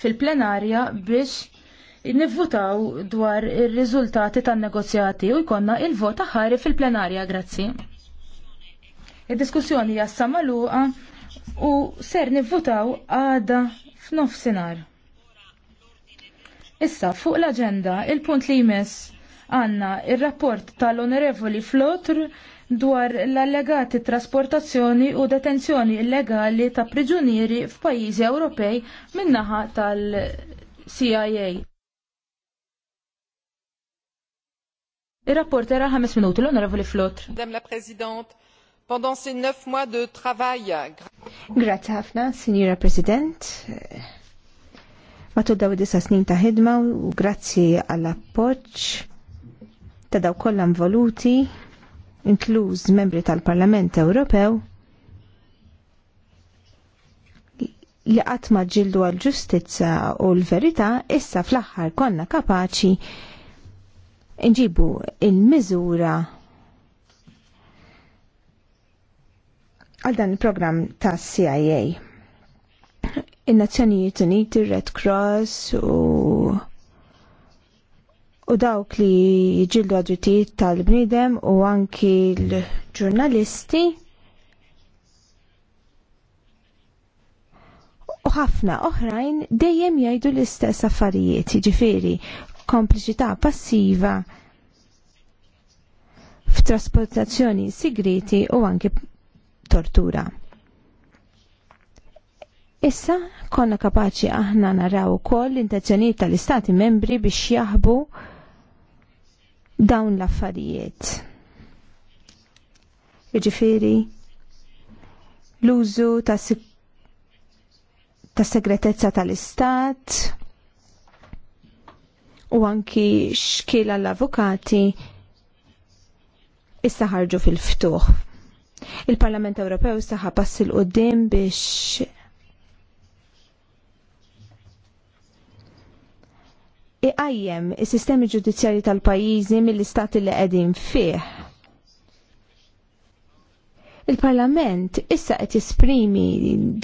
fil-plenarja biex nivvutaw dwar ir-riżultati tan-negozjati u jkollna il-vot ħari fil-plenarja, grazzi. Id-diskussjoni jassa maluqa u ser nivvutaw għada f'nofsinhar. Issa fuq l-aġenda il-punt li jmiss għanna il-rapport tal-Onorevoli Flotr dwar l-allegati trasportazzjoni u detenzjoni illegali ta' priġunieri f'pajjiżi Ewropej min-naħa tal-CIA. Ir-rapport era ħames minuti l-Onorevoli Flotr. Madame la Presidente, pendant ces neuf mois de travail. Grazie ħafna, Signora President. Matul daw disa snin ta' ħidma u grazzi għall appoġġ ta' daw kollha involuti inkluż membri tal-Parlament Ewropew, li għatma ġildu għal ġustizza u l-verita, issa fl-axħar konna kapaċi nġibu il-mizura għal dan il-program ta' CIA. Il-Nazzjonijiet Uniti, Red Cross u u dawk li jġildu għadritijiet tal-bnidem u anki l-ġurnalisti u ħafna oħrajn dejjem jgħidu l-istess affarijiet, ġifiri, kompliċità passiva f'trasportazzjoni sigriti u anki tortura. Issa konna kapaċi aħna naraw ukoll l-intenzjonijiet tal-Istati membri biex jaħbu dawn l-affarijiet. Jiġifieri l-użu ta' tas segretezza tal-istat u anki xkiela l-avukati issa ħarġu fil-ftuħ. Il-Parlament Ewropew saħa pass il-qoddim biex iqajjem is-sistemi ġudizzjarji tal-pajjiżi mill-istati li qegħdin fih. Il-Parlament issa qed jesprimi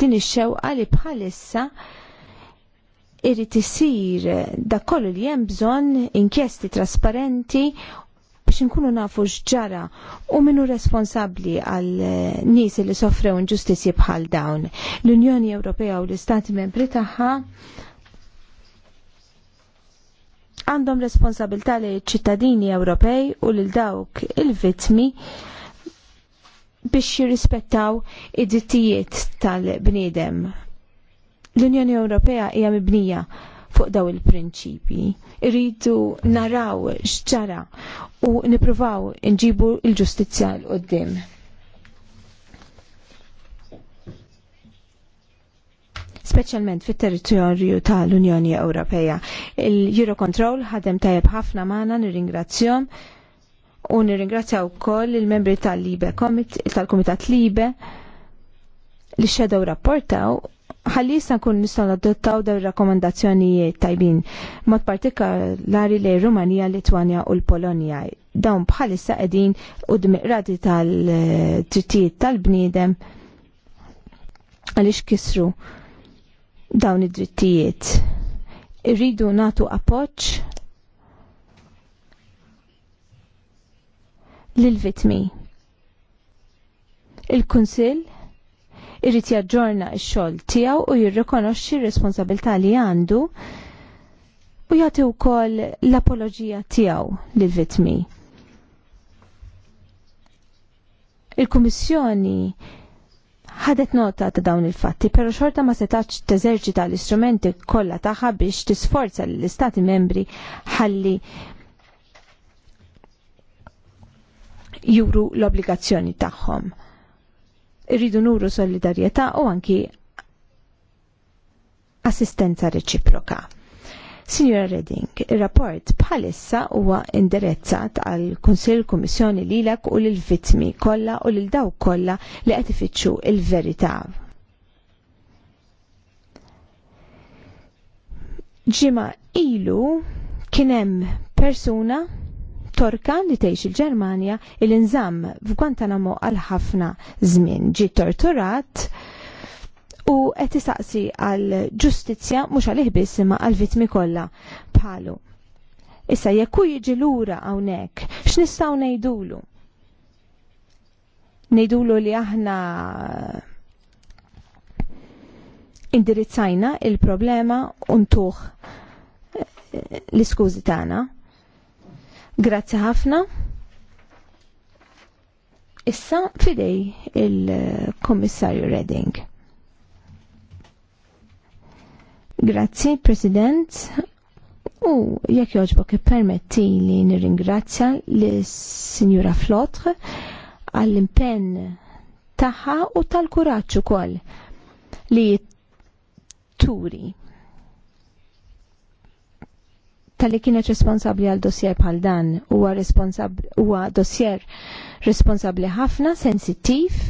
din ix-xewqa li bħalissa irid isir dak kollu li hemm bżonn inkjesti trasparenti biex inkunu nafu x'ġara u minnu responsabbli għal nies li sofrew inġustizzji bħal dawn. L-Unjoni Ewropea u l-Istati Membri tagħha għandhom responsabilità li ċittadini Ewropej u lil dawk il-vittmi biex jirrispettaw id-dittijiet tal-bniedem. L-Unjoni Ewropea hija mibnija fuq daw il-prinċipji. Irridu naraw x'ċara u nippruvaw nġibu l ġustizzja l-qoddim. speċjalment fit-territorju tal-Unjoni Ewropea. Il-Eurocontrol ħadem tajjeb ħafna magħna nirringrazzjom u nirringrazzjaw ukoll il-membri tal-Libe tal-Kumitat Libe li xedaw rapportaw ħalli jista' nkun nistgħu nadottaw daw ir-rakkomandazzjonijiet tajbin, mod partikolari lejn Rumanija, Litwanja u l-Polonja. Dawn bħalissa qegħdin u dmiqrati tal-drittijiet eh, tal-bniedem għaliex kisru dawn id-drittijiet. Irridu natu appoġġ lil-vitmi. Il-Kunsill irrid jaġġorna x-xogħol tiegħu u jirrikonoxxi r-responsabilità li għandu u jagħti wkoll l-apoloġija tiegħu lill-vittmi. Il-Kummissjoni ħadet nota ta' dawn il-fatti, pero xorta ma setax teżerċita l-istrumenti kollha tagħha biex tisforza l-istati membri ħalli juru l-obbligazzjoni tagħhom. Irridu nuru solidarjetà u anki assistenza reċiproka. Signora Redding, il-rapport bħalissa huwa indirezzat għal Kunsill Kummissjoni lilek u l-vittmi kollha u lil dawk kollha li qed ifittxu il-verità ġima ilu kienem persuna torka li tgħix il-Ġermanja il-inżamm f'Guantanamo għal ħafna żmien. Ġi torturat u qed isaqsi għal ġustizzja mhux għal ħbiss imma għal vittmi kollha bħalu. Issa jekk hu jiġi lura hawnhekk, x'nistgħu ngħidulu? Ngħidulu li aħna indirizzajna il-problema untuħ eh, l-iskużi tagħna. Grazzi ħafna. Issa fidej il-Kommissarju Redding. Grazzi, President. U jekk joġbok permetti li nirringrazzja li Signora Flotre għall-impenn tagħha u tal-kuraġġ ukoll li turi tal-li kienet responsabli għal dossier bħal dan huwa huwa dossier responsabli ħafna, sensittiv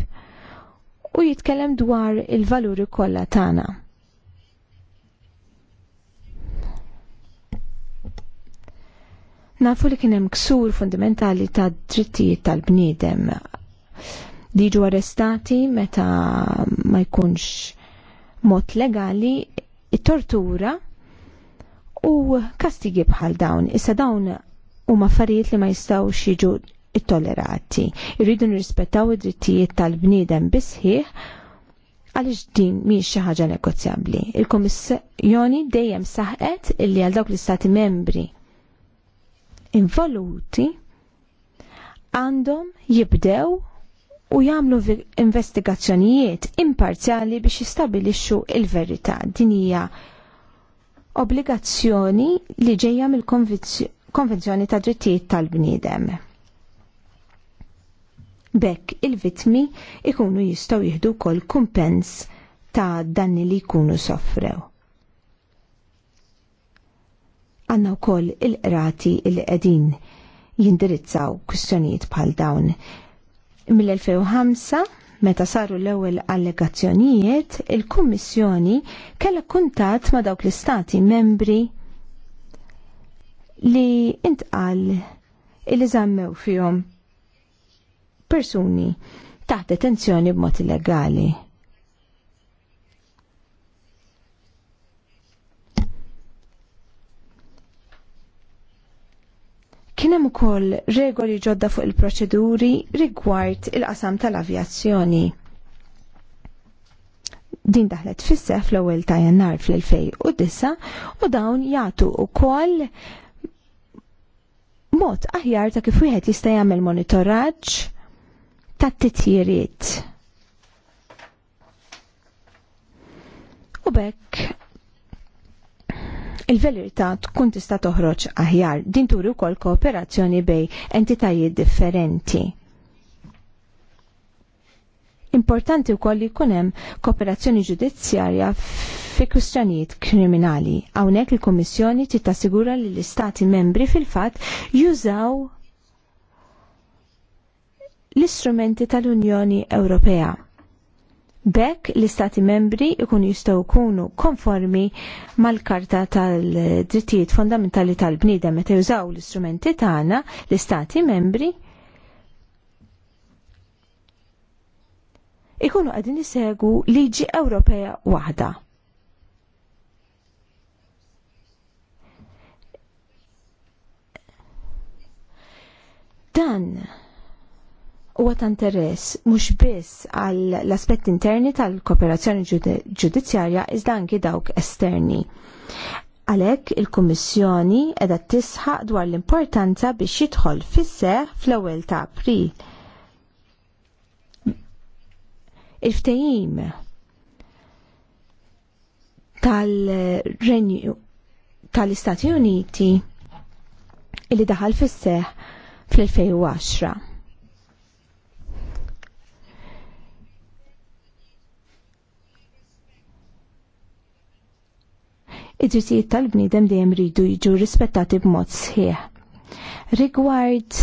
u jitkellem dwar il-valuri kollha tagħna. Nafu li kienem ksur fundamentali ta' drittijiet tal-bniedem. Diġu arrestati meta ma jkunx mod legali it-tortura u kastigi bħal dawn. Issa dawn u maffarijiet li ma jistawx jiġu it-tollerati. Irridu nirrispettaw id-drittijiet tal-bniedem bisħiħ għaliex din mhix xi ħaġa negozjabbli. il komissjoni dejjem saħqet illi għal dawk l-Istati membri involuti għandhom jibdew u jagħmlu investigazzjonijiet imparzjali biex jistabilixxu il-verità. Din hija obbligazzjoni li ġejja mill-Konvenzjoni ta' Drittijiet tal-Bniedem. Bekk il-vitmi ikunu jistgħu jieħdu kol kumpens ta' danni li jkunu sofrew għanna wkoll il-qrati il-qegħdin jindirizzaw kwistjonijiet bħal dawn. Mill-2005 meta saru l-ewwel allegazzjonijiet, il-Kummissjoni kellha kuntat ma' dawk l-istati membri li intqal li żammew fihom persuni taħt detenzjoni b'mod illegali. Kien hemm ukoll regoli ġodda fuq il-proċeduri rigward il-qasam tal-avjazzjoni. Din daħlet fis fl-ewwel ta' Jannar fl-2009 u dawn jagħtu ukoll mod aħjar ta' kif wieħed jista' jagħmel monitoraġġ tat-titjiriet. U bekk il-verità tkun tista' toħroġ aħjar. Din turi wkoll kooperazzjoni bej entitajiet differenti. Importanti wkoll li jkun hemm kooperazzjoni ġudizzjarja fi kwistjonijiet kriminali. Hawnhekk il-Kummissjoni tassigura li l-Istati membri fil-fatt jużaw l-istrumenti tal-Unjoni Ewropea Bekk l-istati membri ikun jistgħu jkunu konformi mal-karta tal-drittijiet fondamentali tal-bniedem meta jużaw l-istrumenti tagħna l-istati membri ikunu għadin jisegu liġi Ewropea waħda. Dan huwa ta' interess mhux biss għall l-aspett interni tal-kooperazzjoni ġudizzjarja iżda anki dawk esterni. Għalhekk il-Kummissjoni qiegħda tisħaq dwar l-importanza biex jidħol fis-seħ fl-ewwel ta' April. Il-ftehim tal-Renju tal-Istati Uniti illi daħal fis-seħ fl-2010 id-drittijiet tal-bniedem dejjem ridu jiġu rispettati b'mod sħiħ. Rigward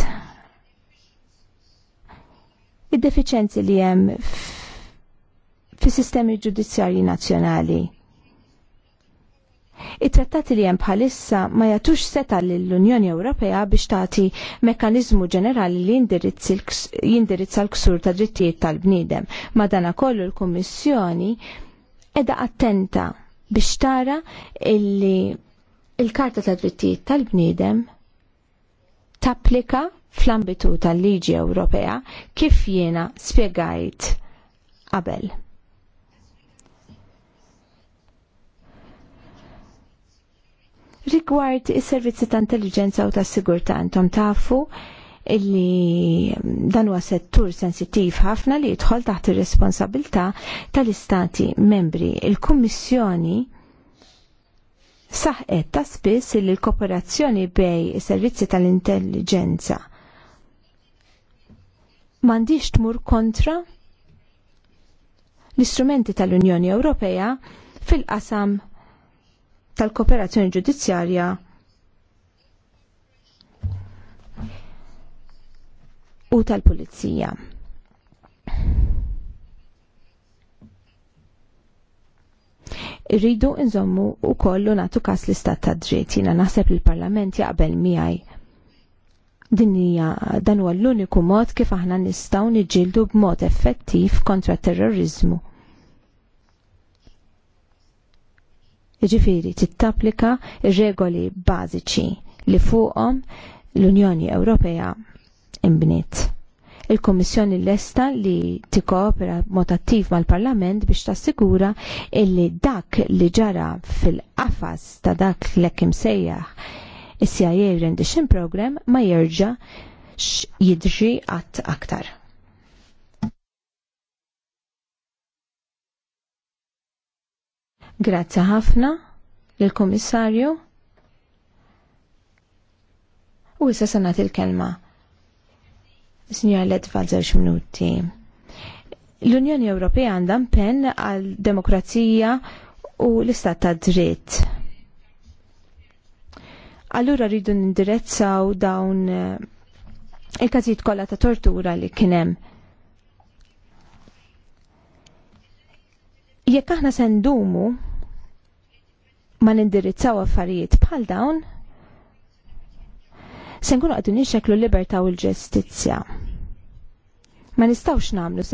id-defiċenzi li hemm fis sistemi ġudizzjarji nazzjonali. It-trattati li hemm bħalissa ma jagħtux seta lill-Unjoni Ewropea biex tagħti mekkaniżmu ġenerali li jindirizza l-ksur ta' drittijiet tal-bniedem. Madana kollu l-Kummissjoni edha attenta biex tara illi il-Karta ta' Drittijiet tal-Bniedem tapplika fl-ambitu tal-Liġi Ewropea kif jiena spiegajt qabel. Rigward is-servizzi ta' intelligenza u ta' sigurtà intom tafu illi dan huwa settur sensittiv ħafna li jidħol taħt ir-responsabilità tal-istati membri. Il-Kummissjoni saħqet ta' spiss li l-kooperazzjoni bej is-servizzi tal-intelligenza m'għandix tmur kontra l-istrumenti tal-Unjoni Ewropea fil-qasam tal-kooperazzjoni ġudizzjarja u tal-Pulizija. Irridu nżommu u kollu natu kas l-istat ta' dritt jina naħseb il-parlament jaqbel miħaj. Dinija dan huwa l-uniku mod kif aħna nistgħu niġġieldu b'mod effettiv kontra terrorizmu. Jiġifieri tittapplika r regoli bażiċi li fuqhom l-Unjoni Ewropea imbniet. Il-Kommissjoni l-esta li tikkoopera mod attiv mal-Parlament biex tassigura illi dak li ġara fil-qafas ta' dak l-ekim sejjaħ is-CIA Rendition Program ma jerġa' jidri għat aktar. Grazzi ħafna lill-Kummissarju. U issa sanat il-kelma Signor Ledfa, żewġ minuti. L-Unjoni Ewropea għandha pen għal demokrazija u l-istat ta' dritt. Allura rridu nindirezzaw dawn eh, il-każijiet kollha ta' tortura li kien hemm. Jekk aħna se ndumu ma nindirizzaw affarijiet bħal dawn, se nkunu għadu nixeklu l-libertà u l-ġustizzja. Ma nistawx namlu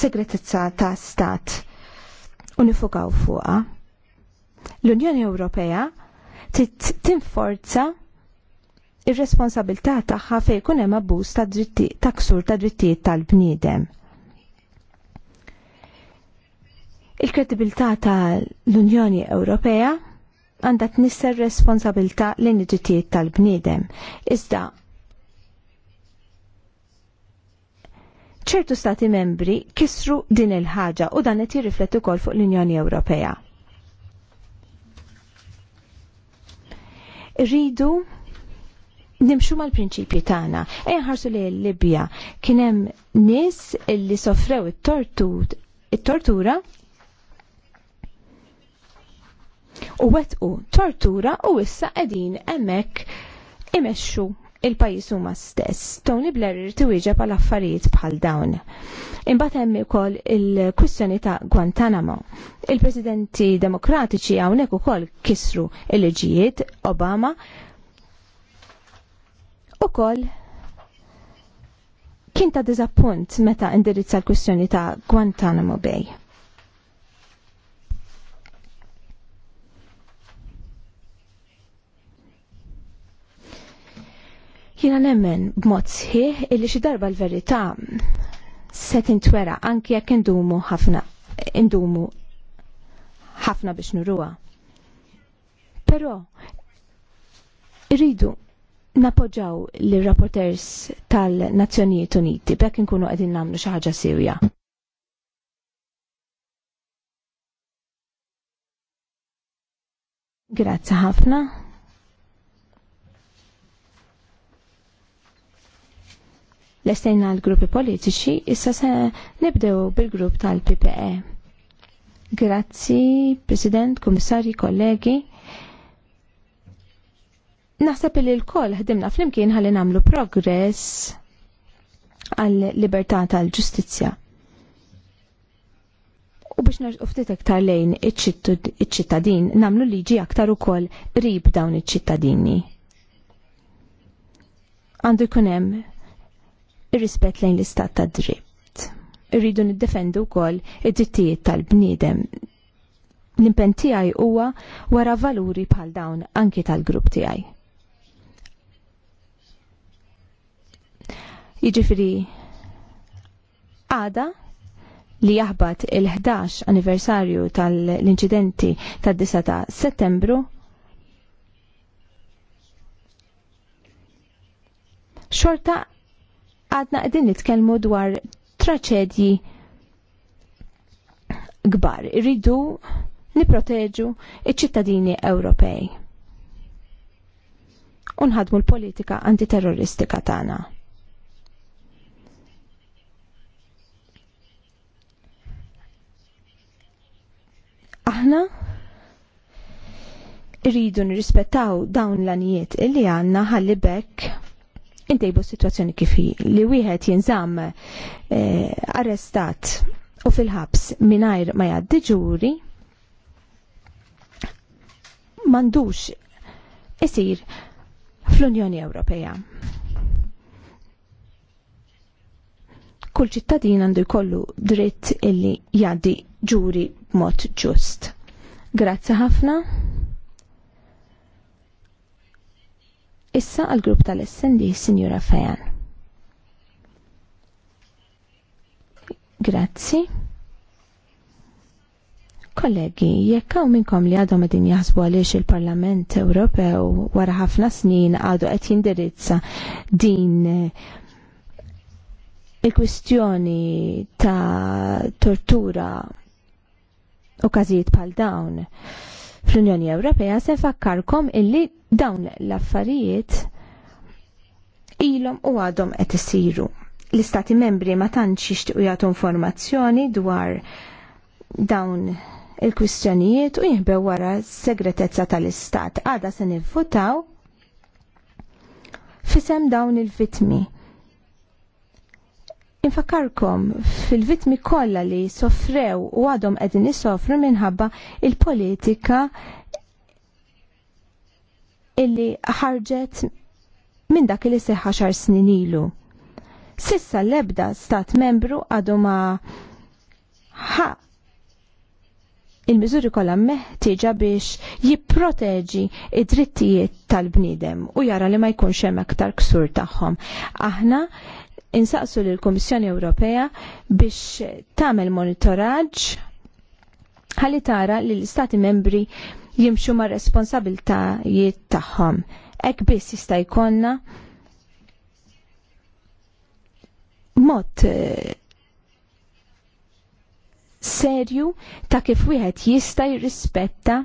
segretezza ta' stat u fuqa. L-Unjoni Ewropea tinforza ir-responsabilità tagħha fejn jkun hemm abbuż ta' dritti ta' ksur ta' drittijiet tal-bniedem. Il-kredibilità tal-Unjoni Ewropea għandha tnisser responsabilta l ġitijiet tal-bniedem. Iżda ċertu stati membri kisru din il-ħaġa u dan qed jirrifletti wkoll fuq l-Unjoni Ewropea. Rridu nimxu mal-prinċipji tagħna. Ejn ħarsu li l-Libja kien hemm nies li sofrew it-tortura u wetqu tortura u issa qegħdin hemmhekk imexxu il-pajis huma stess. Tony Blair irti wieġeb għal affarijiet bħal dawn. Imbagħad hemm ukoll il-kwistjoni ta' Guantanamo. Il-Presidenti Demokratiċi hawnhekk ukoll kisru il-liġijiet Obama ukoll kien ta' diżappunt meta indirizza l-kwistjoni ta' Guantanamo Bay. Jina nemmen b'mod sħiħ illi xi darba l-verità se tintwera anki jekk indumu ħafna indumu ħafna biex nuruha. Però irridu napoġaw li rapporters tal-Nazzjonijiet Uniti b'hekk inkunu qegħdin nagħmlu xi ħaġa sewja. Grazzi ħafna. l-estejna l-gruppi politiċi, issa se nibdew bil-grupp tal-PPE. Grazzi, President, Komissari, kollegi. Naħseb li l-koll ħdimna flimkien ħalli namlu progress għal-libertà tal-ġustizja. U biex nerġu ftit iktar lejn iċ-ċittadin, namlu liġi aktar ukoll rib dawn iċ-ċittadini. Għandu jkun hemm ir-rispett lejn l-istat ta' dritt. Irridu niddefendu wkoll id-drittijiet tal-bniedem. L-impen tiegħi huwa wara valuri bħal dawn anki tal-grupp tiegħi. Jiġifieri għada li jaħbat il-11 anniversarju tal-inċidenti tad-9 ta' settembru xorta għadna qegħdin nitkellmu dwar traċedji kbar. Irridu niproteġu iċ-ċittadini Ewropej. U nħadmu l-politika antiterroristika tagħna. Aħna rridu nirrispettaw dawn l-anijiet illi għandna ħalli bekk intejbu situazzjoni kif li wieħed jinżamm eh, arrestat u fil-ħabs mingħajr ma jgħaddi ġuri m'għandux isir fl-Unjoni Ewropea. Kull ċittadin għandu jkollu dritt illi jgħaddi ġuri b'mod ġust. Grazzi ħafna. Issa għal grupp tal-SND, Signora Fejan. Grazzi. Kollegi, jekk hawn minnkom li għadhom għedin jaħsbu għaliex il-Parlament Ewropew wara ħafna snin għadu qed jindirizza din eh, il-kwistjoni ta' tortura u każijiet bħal dawn fl-Unjoni Ewropea se fakkarkom illi dawn l-affarijiet ilhom u għadhom qed isiru. L-istati membri ma tantx jixtiequ jagħtu informazzjoni dwar dawn il-kwistjonijiet u jihbew wara s-segretezza tal-istat. Għada se nivvutaw fisem dawn il-vitmi. Infakarkom fil-vitmi kollha li soffrew u għadhom qegħdin isofru minħabba il-politika illi ħarġet minn dak li seħħa xar snin ilu. Sissa l-ebda stat membru għadu ma ħa il-mizuri kollha meħtieġa biex jipproteġi id-drittijiet tal-bniedem u jara li ma jkunx hemm aktar ksur tagħhom. Aħna insaqsu lill kummissjoni Ewropea biex tagħmel monitoraġ ħalli tara li l-Istati membri jimxu ma' responsabiltajiet tagħhom. Ek biss jista' jkollna mod eh, serju ta' kif wieħed jista' jirrispetta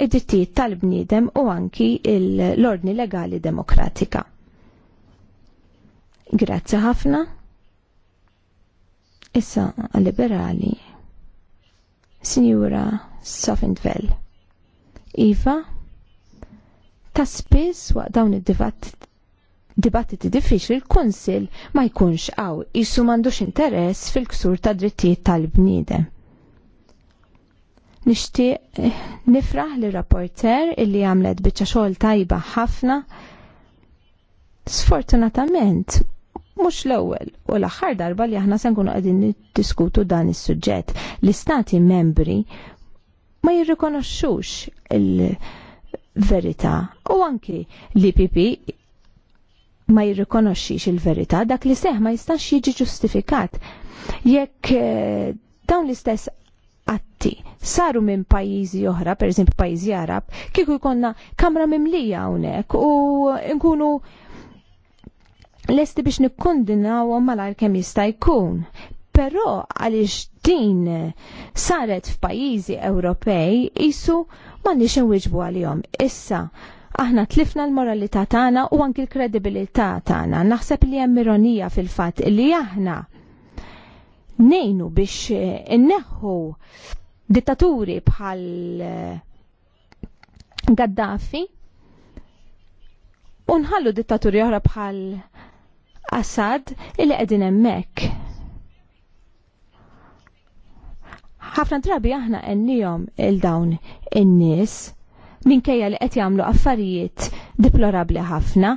id-dittijiet tal-bniedem u anki l-ordni legali demokratika. Grazzi ħafna. Issa liberali. Signora Sofentveld. Iva, ta' spiss waqt dawn id-dibattiti diffiċli l-Kunsil ma jkunx għaw jissu mandux interess fil-ksur ta' drittijiet tal-bniedem. Nishtiq eh, nifraħ li rapporter illi għamlet bieċa xogħol tajba ħafna. Sfortunatament, mux l-ewwel u l-aħħar darba li aħna se nkunu qegħdin niddiskutu dan is-suġġett. L-istati membri ma jirrikonoxxux il-verità u anki li PP ma jirrikonoxxix il-verità dak li seħ ma jistax jiġi ġustifikat jekk eh, dawn l-istess atti saru minn pajjiżi oħra, per eżempju pajjiżi Arab, kieku jkollna kamra mimlija hawnhekk u nkunu lesti biex nikkondinaw malajr kemm jista' jkun. Però għaliex din saret f'pajjiżi Ewropej isu m'għandniex inwiġbu għalihom. Issa aħna tlifna l-moralità tagħna u anki l-kredibilità tagħna. Naħseb li hemm ironija fil-fatt li aħna nejnu biex inneħħu dittaturi bħal eh, Gaddafi u nħallu dittaturi oħra bħal Assad illi qegħdin hemmhekk. ħafna drabi aħna għennijom il-dawn in-nies minkejja li qed jagħmlu affarijiet deplorabbli ħafna,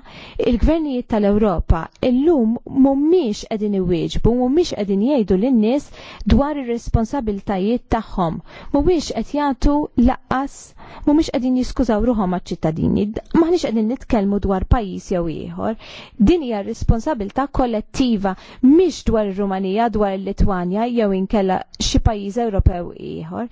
il-gvernijiet tal-Ewropa illum mhumiex qegħdin iwieġbu, mhumiex qegħdin jgħidu lin-nies dwar ir-responsabiltajiet tagħhom, mhumiex qed jagħtu laqqas mhumiex qegħdin jiskużaw ruħhom għaċ-ċittadini. Maħniex qegħdin nitkellmu dwar pajjiż jew ieħor. Din hija responsabilità kollettiva mhix dwar ir-Rumanija, dwar il-Litwanja jew inkella xi pajjiż Ewropew ieħor.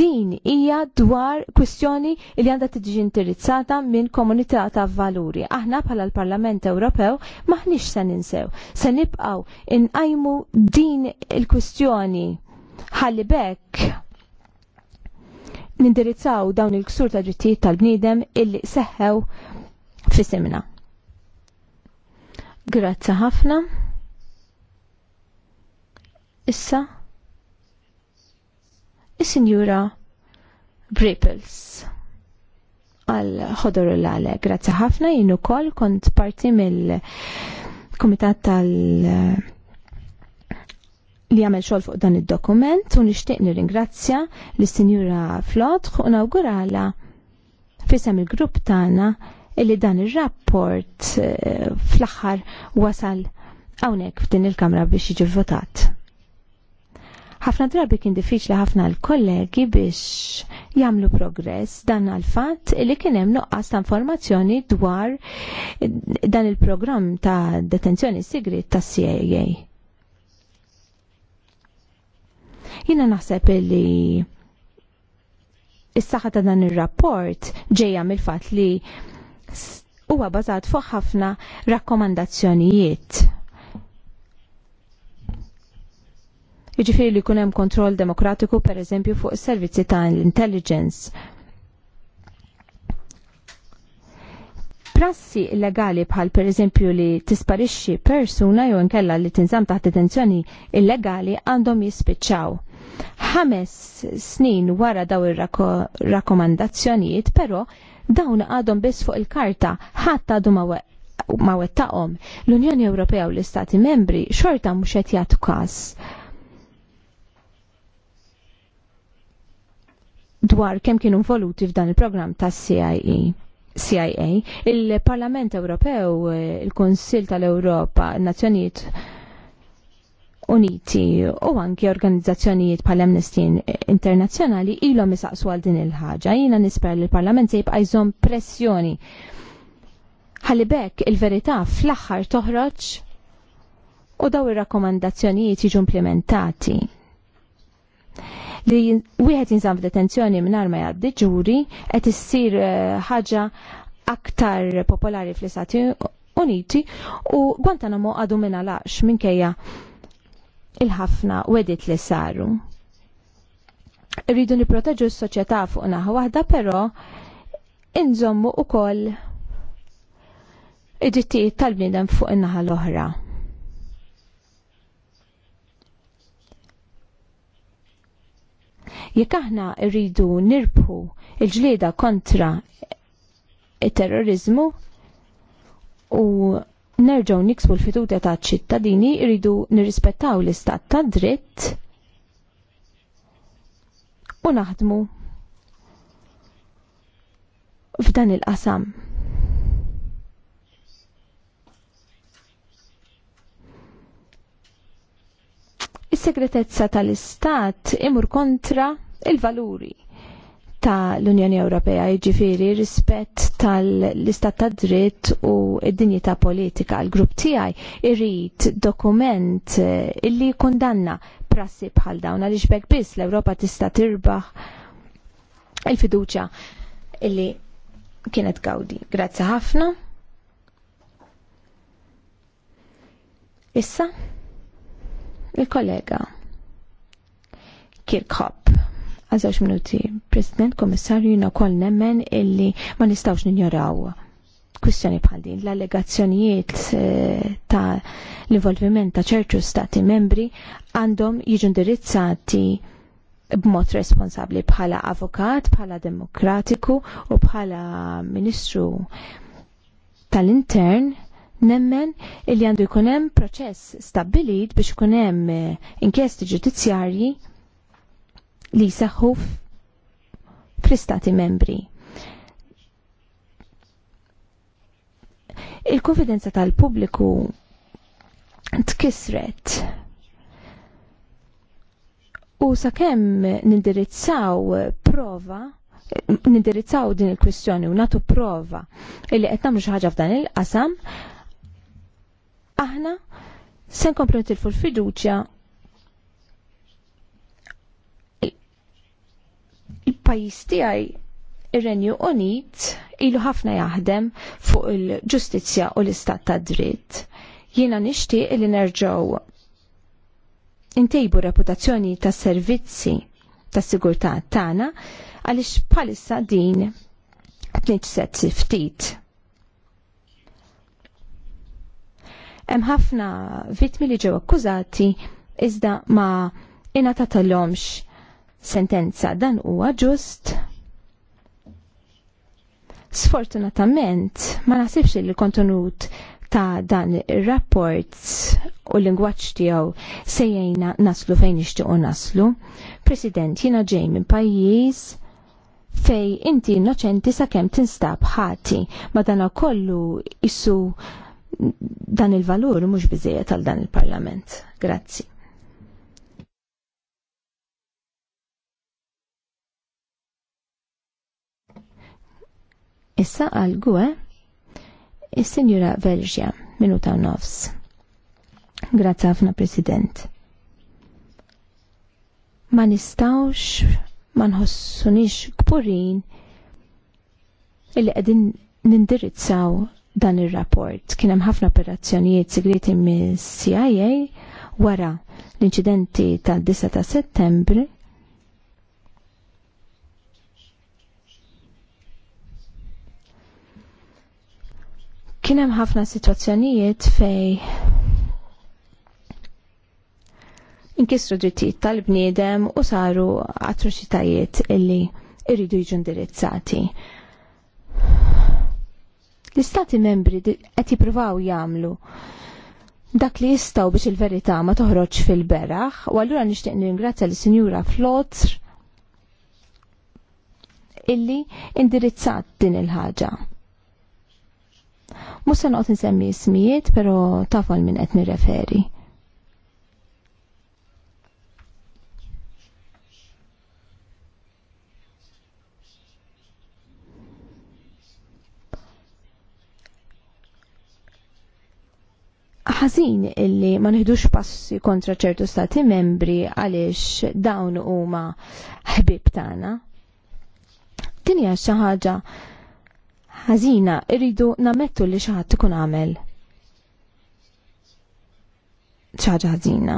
Din hija dwar kwistjoni li għandha tiġi indirizzata minn komunità ta' valuri. Aħna bħala l-Parlament Ewropew maħniex se ninsew. Se nibqgħu inqajmu din il-kwistjoni ħalli bekk nindirizzaw dawn il-ksur ta' drittijiet tal-bniedem illi seħħew fi semna. Grazzi ħafna. Issa. Is-Sinjura Brippels. għal ħodor l-għale. Grazzi ħafna jinnu kol kont parti mill-Komitat tal- li għamel xol fuq dan il-dokument u nishtiq nir-ingrazzja l-Sinjura Flot u nawgurala fisem il-grupp tana illi dan il-rapport eh, fl-axħar wasal għawnek f'din il-kamra biex jiġi votat. ħafna drabi kien diffiċli ħafna l-kollegi biex jagħmlu progress dan għal fat li kien hemm nuqqas ta' informazzjoni dwar dan il-programm ta' detenzjoni sigrit tas CIA Jina naħseb li is-saħħa ta' dan ir-rapport ġejja mill-fatt li huwa bażat fuq ħafna rakkomandazzjonijiet. Jiġifieri li jkun hemm kontroll demokratiku pereżempju fuq is-servizzi ta' l-intelligence. prassi illegali bħal per eżempju li tisparixxi persuna jew inkella li tinżam taħt detenzjoni illegali għandhom jispiċċaw ħames snin wara daw ir-rakkomandazzjonijiet, però dawn għadhom biss fuq il-karta, ħadd għadu ma wettaqhom. L-Unjoni Ewropea u l-Istati Membri xorta mhux qed jagħtu każ. dwar kemm kienu involuti f'dan il-programm tas CIA. E. CIA, il-Parlament Ewropew, il-Konsil tal-Ewropa, il-Nazzjonijiet Uniti u anki organizzazzjonijiet bħal Amnesty Internazzjonali ilhom isaqsu għal din il-ħaġa. Jiena nisper li l-Parlament se jibqa' jżom pressjoni. Ħalli il-verità fl-aħħar toħroġ u daw ir-rakkomandazzjonijiet jiġu implementati. Li wieħed jinżamm f'detenzjoni mingħajr ma jgħaddi ġuri qed issir eh, ħaġa aktar popolari fl-Istati Uniti u Guantanamo għadu minna minn minkejja il-ħafna wedit li saru. Rridu niproteġu s-soċjetà fuq naħa waħda, però inżommu ukoll id-dittijiet tal bnidem fuq in-naħa l-oħra. Jekk aħna rridu nirbħu il-ġlieda kontra it-terrorizmu u nerġgħu niksbu l-fiduta taċ ċittadini jridu nirrispettaw l-istat ta' dritt u naħdmu f'dan il-qasam. Is-segretezza tal-istat imur kontra il-valuri ta' l-Unjoni Ewropea, jiġifieri rispett tal-istat ta' dritt u d-dinjità politika. L-grupp tiegħi irrid dokument eh, illi kundanna prassi bħal dawn għaliex bekk biss l-Ewropa tista' tirbaħ il-fiduċja illi kienet gawdi. Grazzi ħafna. Issa, il-kollega Kirkhop għazawx minuti, President, Komissarju, jina kol nemmen illi ma nistawx ninjoraw kwistjoni bħal din l-allegazzjonijiet eh, ta' l-involviment ta' ċerċu stati membri għandhom jiġu indirizzati b'mod responsabli bħala avukat, bħala demokratiku u bħala ministru tal-intern nemmen illi għandu jkun hemm proċess stabilit biex jkunem hemm eh, inkjesti ġudizzjarji li jseħħu fl-istati membri. Il-konfidenza tal-pubbliku tkisret u sakemm nindirizzaw prova nindirizzaw din il-kwistjoni u natu prova illi qed nagħmlu xi ħaġa f'dan il-qasam aħna se nkomplu nitilfu l-fiduċja pajis tiegħi ir-Renju Unit ilu ħafna jaħdem fuq il-ġustizzja u l-istat ta' dritt. Jiena nixtieq li nerġaw intejbu reputazzjoni ta' servizzi ta' sigurtà tagħna għaliex bħalissa din tniġset ftit. Hemm ħafna vittmi li ġew akkużati iżda ma ingħatatalhomx sentenza dan huwa ġust. Sfortunatament, ma naħsibx li kontenut ta' dan ir-rapport u l-lingwaġġ tiegħu sejjejna naslu fejn nixtiequ naslu. President, jiena ġej minn pajjiż fej inti innoċenti sakemm tinstab ħati, ma dan kollu issu dan il-valur mhux biżejjed għal dan il-Parlament. Grazzi. Issa għal gwe is-Sinjura Velġja minuta nofs. Grazie ħafna President. Ma nistawx ma nħossunix kburin illi qegħdin nindirizzaw dan ir-rapport. Kien hemm ħafna operazzjonijiet segreti mis-CIA wara l-inċidenti tad-9 ta' Settembru Kien hemm ħafna sitwazzjonijiet fej inkisru drittijiet tal-bniedem u saru atroċitajiet illi irridu jiġu indirizzati. L-istati membri qed jippruvaw jagħmlu dak li jistgħu biex il-verità ma toħroġ fil-beraħ u allura nixtieq ningrazzja l-Sinjura Flotr illi indirizzat din il-ħaġa. Mhux se noqgħod insemmi ismijiet, però tafol minn qed nirreferi. ħażin illi ma nħidux passi kontra ċertu stati membri għaliex dawn huma ħbib tagħna. Din hija xi ħaġa ħażina, irridu namettu li xi ħadd ikun għamel ċaġa ħażina.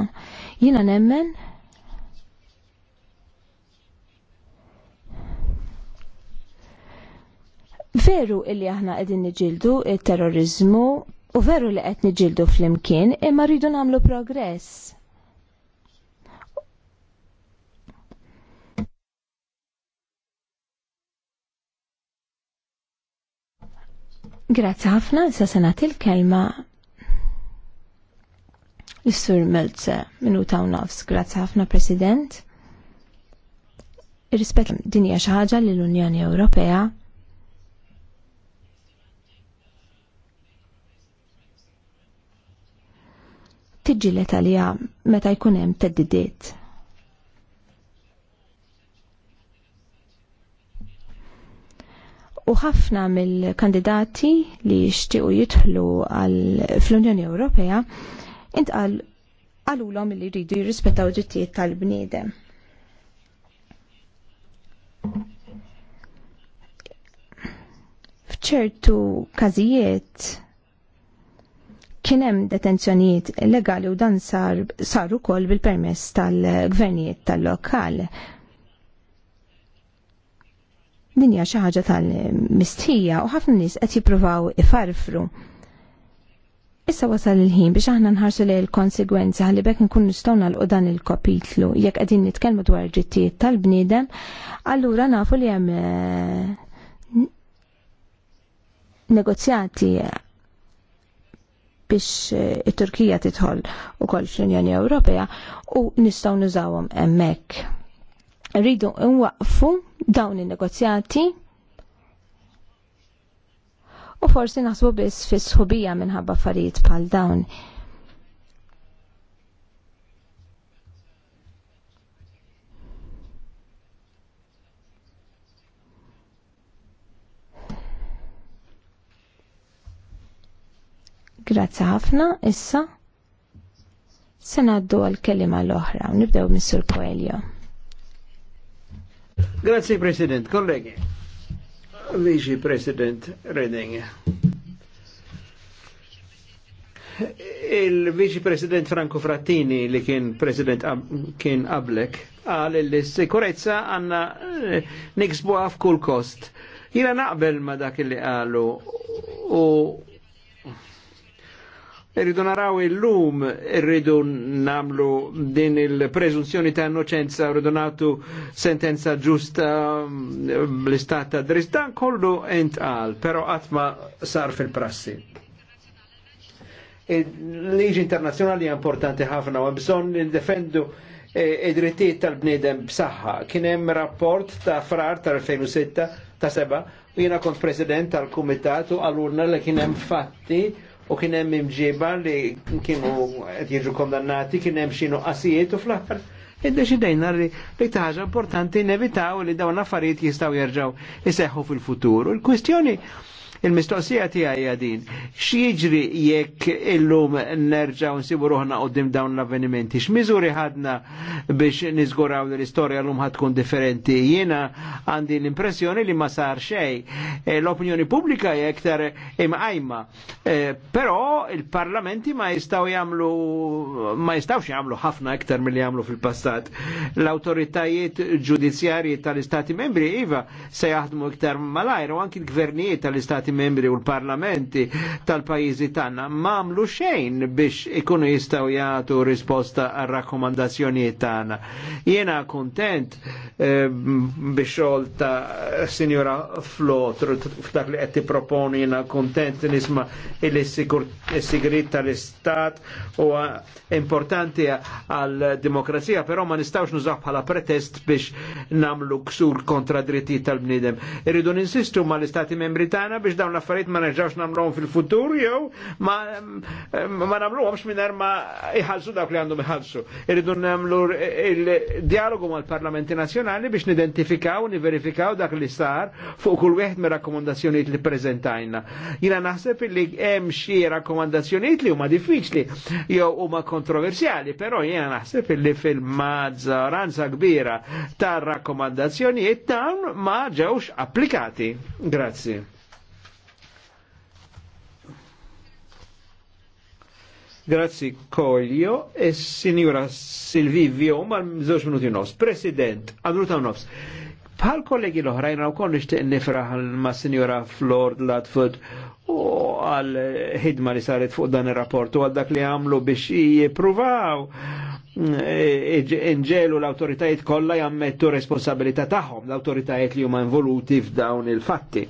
Jiena nemmen Veru illi aħna qegħdin niġildu it-terrorizmu u veru li qed niġildu flimkien imma rridu nagħmlu progress. Grazzi ħafna, sa senat il-kelma l-Sur Melze minuta u nofs. Grazzi ħafna, President. Irrispet dinja xaħġa li l-Unjoni Ewropea l għalija meta jkun hemm teddidiet. u ħafna mill-kandidati li jixtiequ jidħlu fl-Unjoni Ewropea intqal għalulhom li jridu jirrispettaw drittijiet tal-bniedem. F'ċertu każijiet kien hemm detenzjonijiet illegali u dan sar ukoll bil-permess tal-gvernijiet tal-lokal. tal gvernijiet tal lokal Dinja xi ħaġa tal-mistija u ħafna nies qed jippruvaw ifarfru. Issa wasal il-ħin biex aħna nħarsu lejn il konsegwenza li bekk nkun nistgħu nagħlqu dan il-kapitlu jekk qegħdin nitkellmu dwar ġittijiet tal-bniedem, allura nafu li hemm eh, negozjati biex eh, it-Turkija tidħol ukoll fl-Unjoni Ewropea u nistgħu nużawhom hemmhekk rridu nwaqfu dawn in-negozjati u forsi naħsbu biss fis sħubija minħabba affarijiet bħal dawn. Grazzi ħafna, issa se ngħaddu għall kelima l-oħra u nibdew mis-Sur Coelho. Grazie President, kollegi. Vici President Reding. Il-Vici President Franco Frattini li kien President kien Ablek għal il-sikurezza għanna eh, niksbu għaf kull kost. Jira naqbel ma dak li għalu u Irridu naraw il-lum, irridu namlu din il-prezunzjoni ta' innocenza, irridu natu sentenza ġusta mm, l istat ta' dristan, kollu entqal, pero għatma sar fil-prassi. Il-liġi internazjonali importanti ħafna u bżon nil-defendu eh, id-drittijiet tal-bnidem b'saħħa. Kien hemm rapport ta' frar tal-2006 ta' seba' u jiena kont president tal-kumitatu għalurna li kien hemm fatti u kien hemm imġiba li kienu qed jiġu kondannati, kien hemm xi nuqqasijiet u fl-aħħar iddeċidejna li ta' ħaġa importanti nevitaw li dawn l-affarijiet jistgħu jerġgħu iseħħu fil-futur. Il-kwistjoni Il-mistoqsija tiegħi din, x'jiġri jekk illum nerġgħu nsibu ruħna qudiem dawn l-avvenimenti, x'miżuri ħadna biex niżguraw l-istorja llum tkun differenti. Jiena għandi l-impressjoni li ma sar xejn. Eh, l-opinjoni pubblika hija iktar imqajma. Eh, però il-parlamenti ma jistgħu jagħmlu ma jistgħux jagħmlu ħafna iktar milli jagħmlu fil-passat. L-awtoritajiet ġudizzjarji tal-Istati membri iva se jaħdmu iktar malajr u anki l-gvernijiet tal-Istati stati membri u l-Parlamenti tal-pajizi tagħna mamlu xejn biex ikunu jistgħu jagħtu risposta għal rakkomandazzjonijiet tagħna. Jiena kontent eh, biex xogħol ta' Sinjora Flotr f'dak li qed tipproponi jiena kontent nisma' il-sigrit tal-Istat u importanti għal-demokrazija, però ma nistgħux nużaw bħala pretest biex namlu ksur kontra dritti tal-bnidem. Irridu ninsistu ma l-Istati membri tagħna biex dawn l-affarijiet ma nerġawx nagħmluhom fil-futur jew ma ma nagħmluhomx mingħajr ma iħallsu dawk li għandhom iħallsu. Irridu nagħmlu il-dialogu mal-Parlamenti Nazzjonali biex nidentifikaw, niverifikaw dak li sar fuq kull wieħed mir rakkomandazzjonijiet li preżentajna. Jiena naħseb li hemm xi rakkomandazzjonijiet li huma diffiċli jew huma kontroversjali, però jiena naħseb li fil-maġġoranza kbira tar rakkomandazzjonijiet dawn ma ġewx applikati. Grazie. Grazzi Koglio e Signora Vio, ma zoċ minuti nofs. President, Adruta nofs. Bħal kollegi l-oħrajn għaw kon nishtiq nifraħ ma' Signora Flord Latford u għal ħidma li saret fuq dan ir-rapport u għal dak li għamlu biex jippruvaw eh, inġelu l-autoritajiet kollha jammettu responsabilità tagħhom, l-autoritajiet li huma involuti f'dawn il-fatti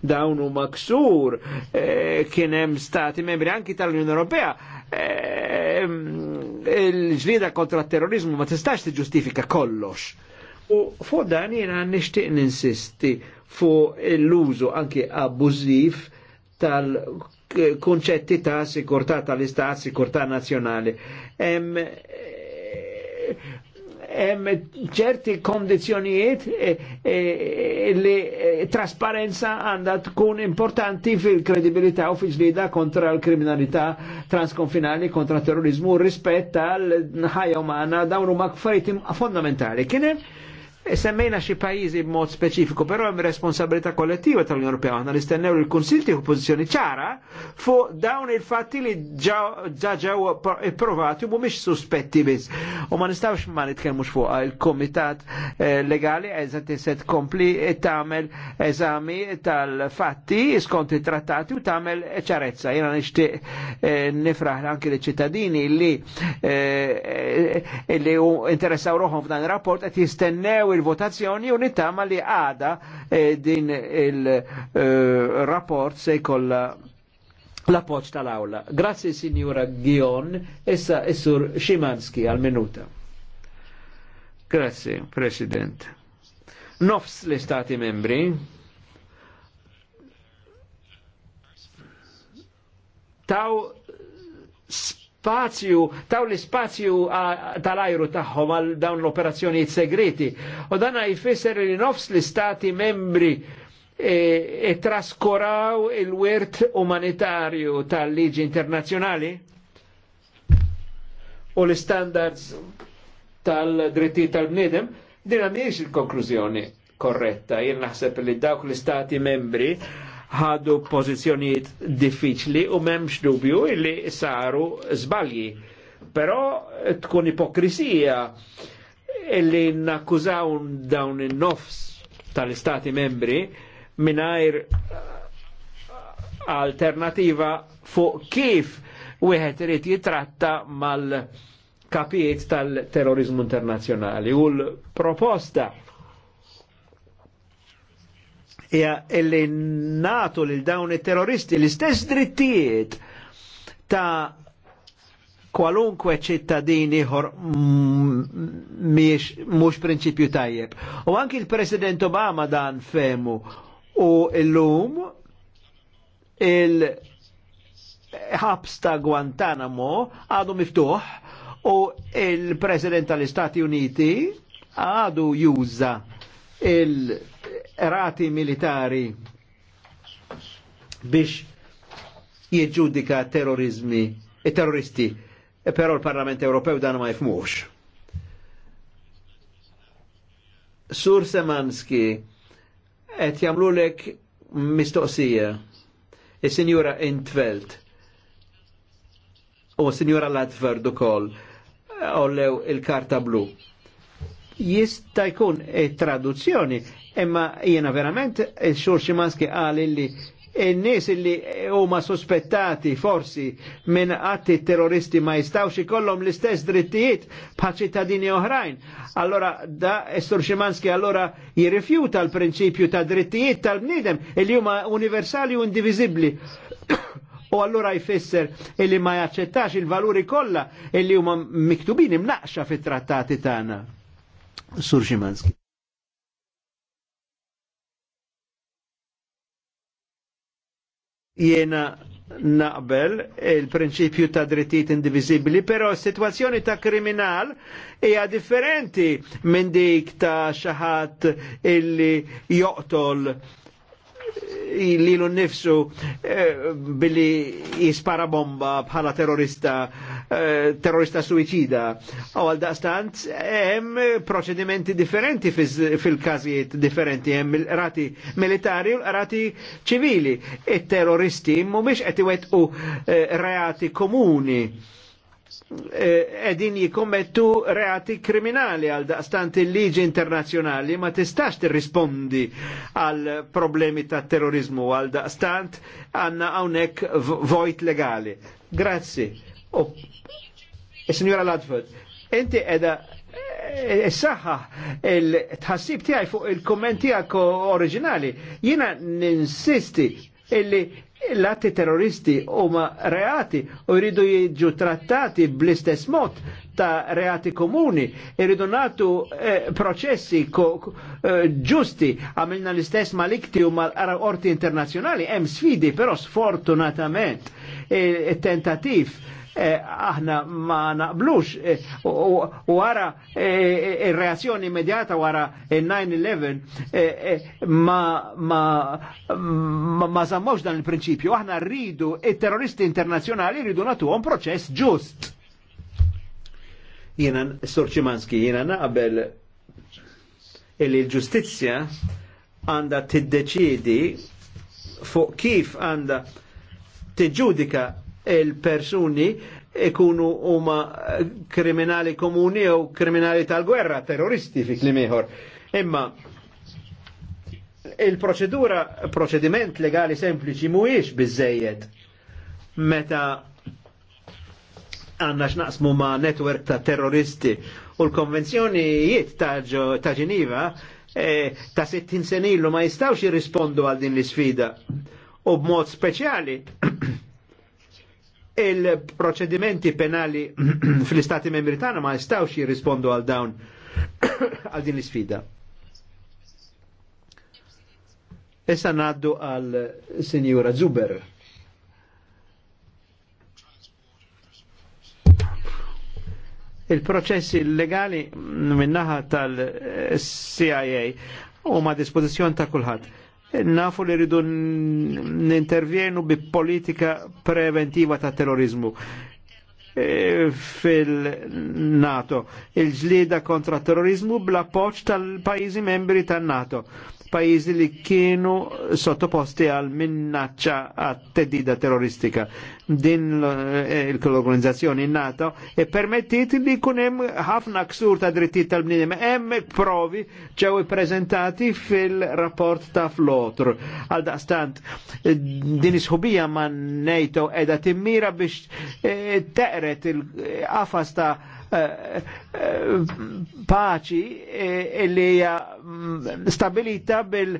dawn u maksur e, kien hemm stati membri anki tal-Unjoni Ewropea e, mm, il-ġlida kontra terrorizmu ma tistax tiġustifika kollox. U fuq dan jiena nixtieq ninsisti fuq l-użu anki abbużiv tal-konċetti ta' sikurtà tal-istat, sikurtà nazzjonali hemm ċerti kondizjonijiet eh, eh, li eh, trasparenza għandha tkun importanti fil-kredibilità u fil-ġlida kontra l-kriminalità transkonfinali, kontra terrorizmu, rispett tal ħajja umana dawn huma affarijiet fondamentali. Kien hemm E semmejna xi pajjiżi b'mod speċifiku, però hemm responsabilità kollettiva tal-Unjoni Ewropea. Aħna nistennew il l-Kunsil tieħu pożizzjoni ċara fuq dawn il-fatti li ġa ġew ippruvati u mhumiex suspetti biss. U ma nistgħux ma nitkellmux fuq il kumitat eh, Legali eżatt se tkompli tagħmel eżami tal-fatti skont it-trattati u tagħmel ċarezza. Jiena nixtieq eh, nifraħ anke l-ċittadini li eh, interessaw roħhom f'dan ir-rapport qed jistennew il-votazzjoni u nittama li għada eh, din il-rapport eh, se jkollha la poċ tal-awla. Grazzi Signora Gion, essa essur Szymanski għal-minuta. Grazzi, President. Nofs li stati membri taw spazju, taw l-spazju tal-ajru tagħhom għal dawn l operazzjoni segreti. U dan jfisser li nofs li stati membri e, e traskuraw il-wirt umanitarju tal-liġi internazjonali u l-standards tal-dritti tal-bnidem, dina miex il-konklużjoni korretta. jirnaħseb li dawk l stati membri ħadu pozizjoniet diffiċli u memx dubju illi saru zbalji. Però tkun ipokrisija illi nakkużaw dawn in-nofs tal-istati membri minnajr alternativa fuq kif wieħed irid jitratta mal-kapijiet tal-terrorizmu internazzjonali u l-proposta hija illi natu lil dawn it-terroristi l-istess drittijiet ta' kwalunkwe ċittadini ieħor mhux prinċipju tajjeb. U anki l-President Obama dan femu u illum il-ħabs ta' Guantanamo għadu miftuħ u il-President tal-Istati Uniti għadu juża il- rati militari biex jieġudika terrorizmi, e terroristi, e però il Parlamento europeo dan ma jifmux. Sur Semanski, et jamlulek mistoqsija, il-Sinjura e Intveld, u Sinjura Latver dukol, ollew il-karta blu. jistajkun e traduzzjoni Imma jena verament, il-xorxi eh, maski għal illi n-nis illi huma sospettati forsi minn atti terroristi ma jistawx ikollhom l-istess drittijiet bħal ċittadini oħrajn. Allora da Estur eh, Szymanski allora jirrifjuta l-prinċipju ta' drittijiet tal-bniedem illi huma universali u indivizibli. u allora jfisser illi ma jaċċettax il-valuri kollha illi huma miktubin imnaqxa fit-trattati tagħna. Sur Ximanski. Jiena naqbel il-prinċipju ta' drittijiet indivizibili, però situazzjoni ta' kriminal hija differenti minn dik ta' xaħat illi joqtol li l nifsu eh, billi jispara bomba bħala terrorista eh, terrorista suicida u għal daqstant hemm procedimenti differenti fil-każijiet differenti hemm rati militari u rati ċivili it-terroristi mhumiex qed iwettqu eh, reati komuni Eh, edin jikommettu reati kriminali għal daqstant il-liġi internazjonali ma tistax tirrispondi għal problemi ta' terrorizmu għal daqstant għanna għawnek vojt legali. Grazzi. E, signora Ladford, enti edha e, e, Saha, il-tħassib tijaj fuq il-kommenti għak oriġinali, jina ninsisti illi l-atti terroristi huma reati u jridu jiġu trattati bl-istess mod ta' reati komuni, jridu natu eh, processi ko, eh, għamilna l-istess malikti u mal-orti internazjonali, hemm sfidi, però sfortunatament, il eh, tentativ Eh, aħna ma naqblux eh, u wara eh, ir-reazzjoni immedjata wara 9-11 ma zammawx dan il-prinċipju. Aħna rridu il-terroristi internazjonali rridu natu natuhom proċess ġust. Jena, Sorċimanski, jena naqbel il-ġustizja għanda tiddeċidi fuq kif għanda tiġudika il-persuni ikunu huma kriminali komuni u kriminali tal-gwerra, terroristi fi klimiħor. Imma il-proċedura, proċediment legali sempliċi mhuwiex biżejjed meta għanna x'naqsmu ma' netwerk ta' terroristi u l-konvenzjonijiet ta' ta' Ġiniva eh, ta' 60 senilu ma jistawx jirrispondu għal din l-sfida. U b'mod speċjali il-proċedimenti penali fil istati membri tagħna ma jistgħux jirrispondu għal dawn għal din l-isfida. Issa ngħaddu għal Sinjura Zuber. Il-proċessi legali minnaħa tal-CIA u ma' dispożizzjoni ta' kulħadd nafu li rridu n-intervjenu bi politika preventiva ta' terrorizmu e, fil-NATO, il-ġlida kontra terrorizmu bla poċ tal-pajizi membri tal-NATO, pajizi li kienu sottoposti għal minnaċċa għat-tedida terroristika din l eh, organizzazzjoni NATO e permettit li kunem ħafna ksur ta' drittijiet tal-bnidem. Hemm provi ġew ippreżentati fil-rapport ta' Flotr. Għal daqstant eh, din isħubija ma' NATO edha timmira biex eh, teqret il-qafas ta' paċi e, e, li hija mm, stabilita bil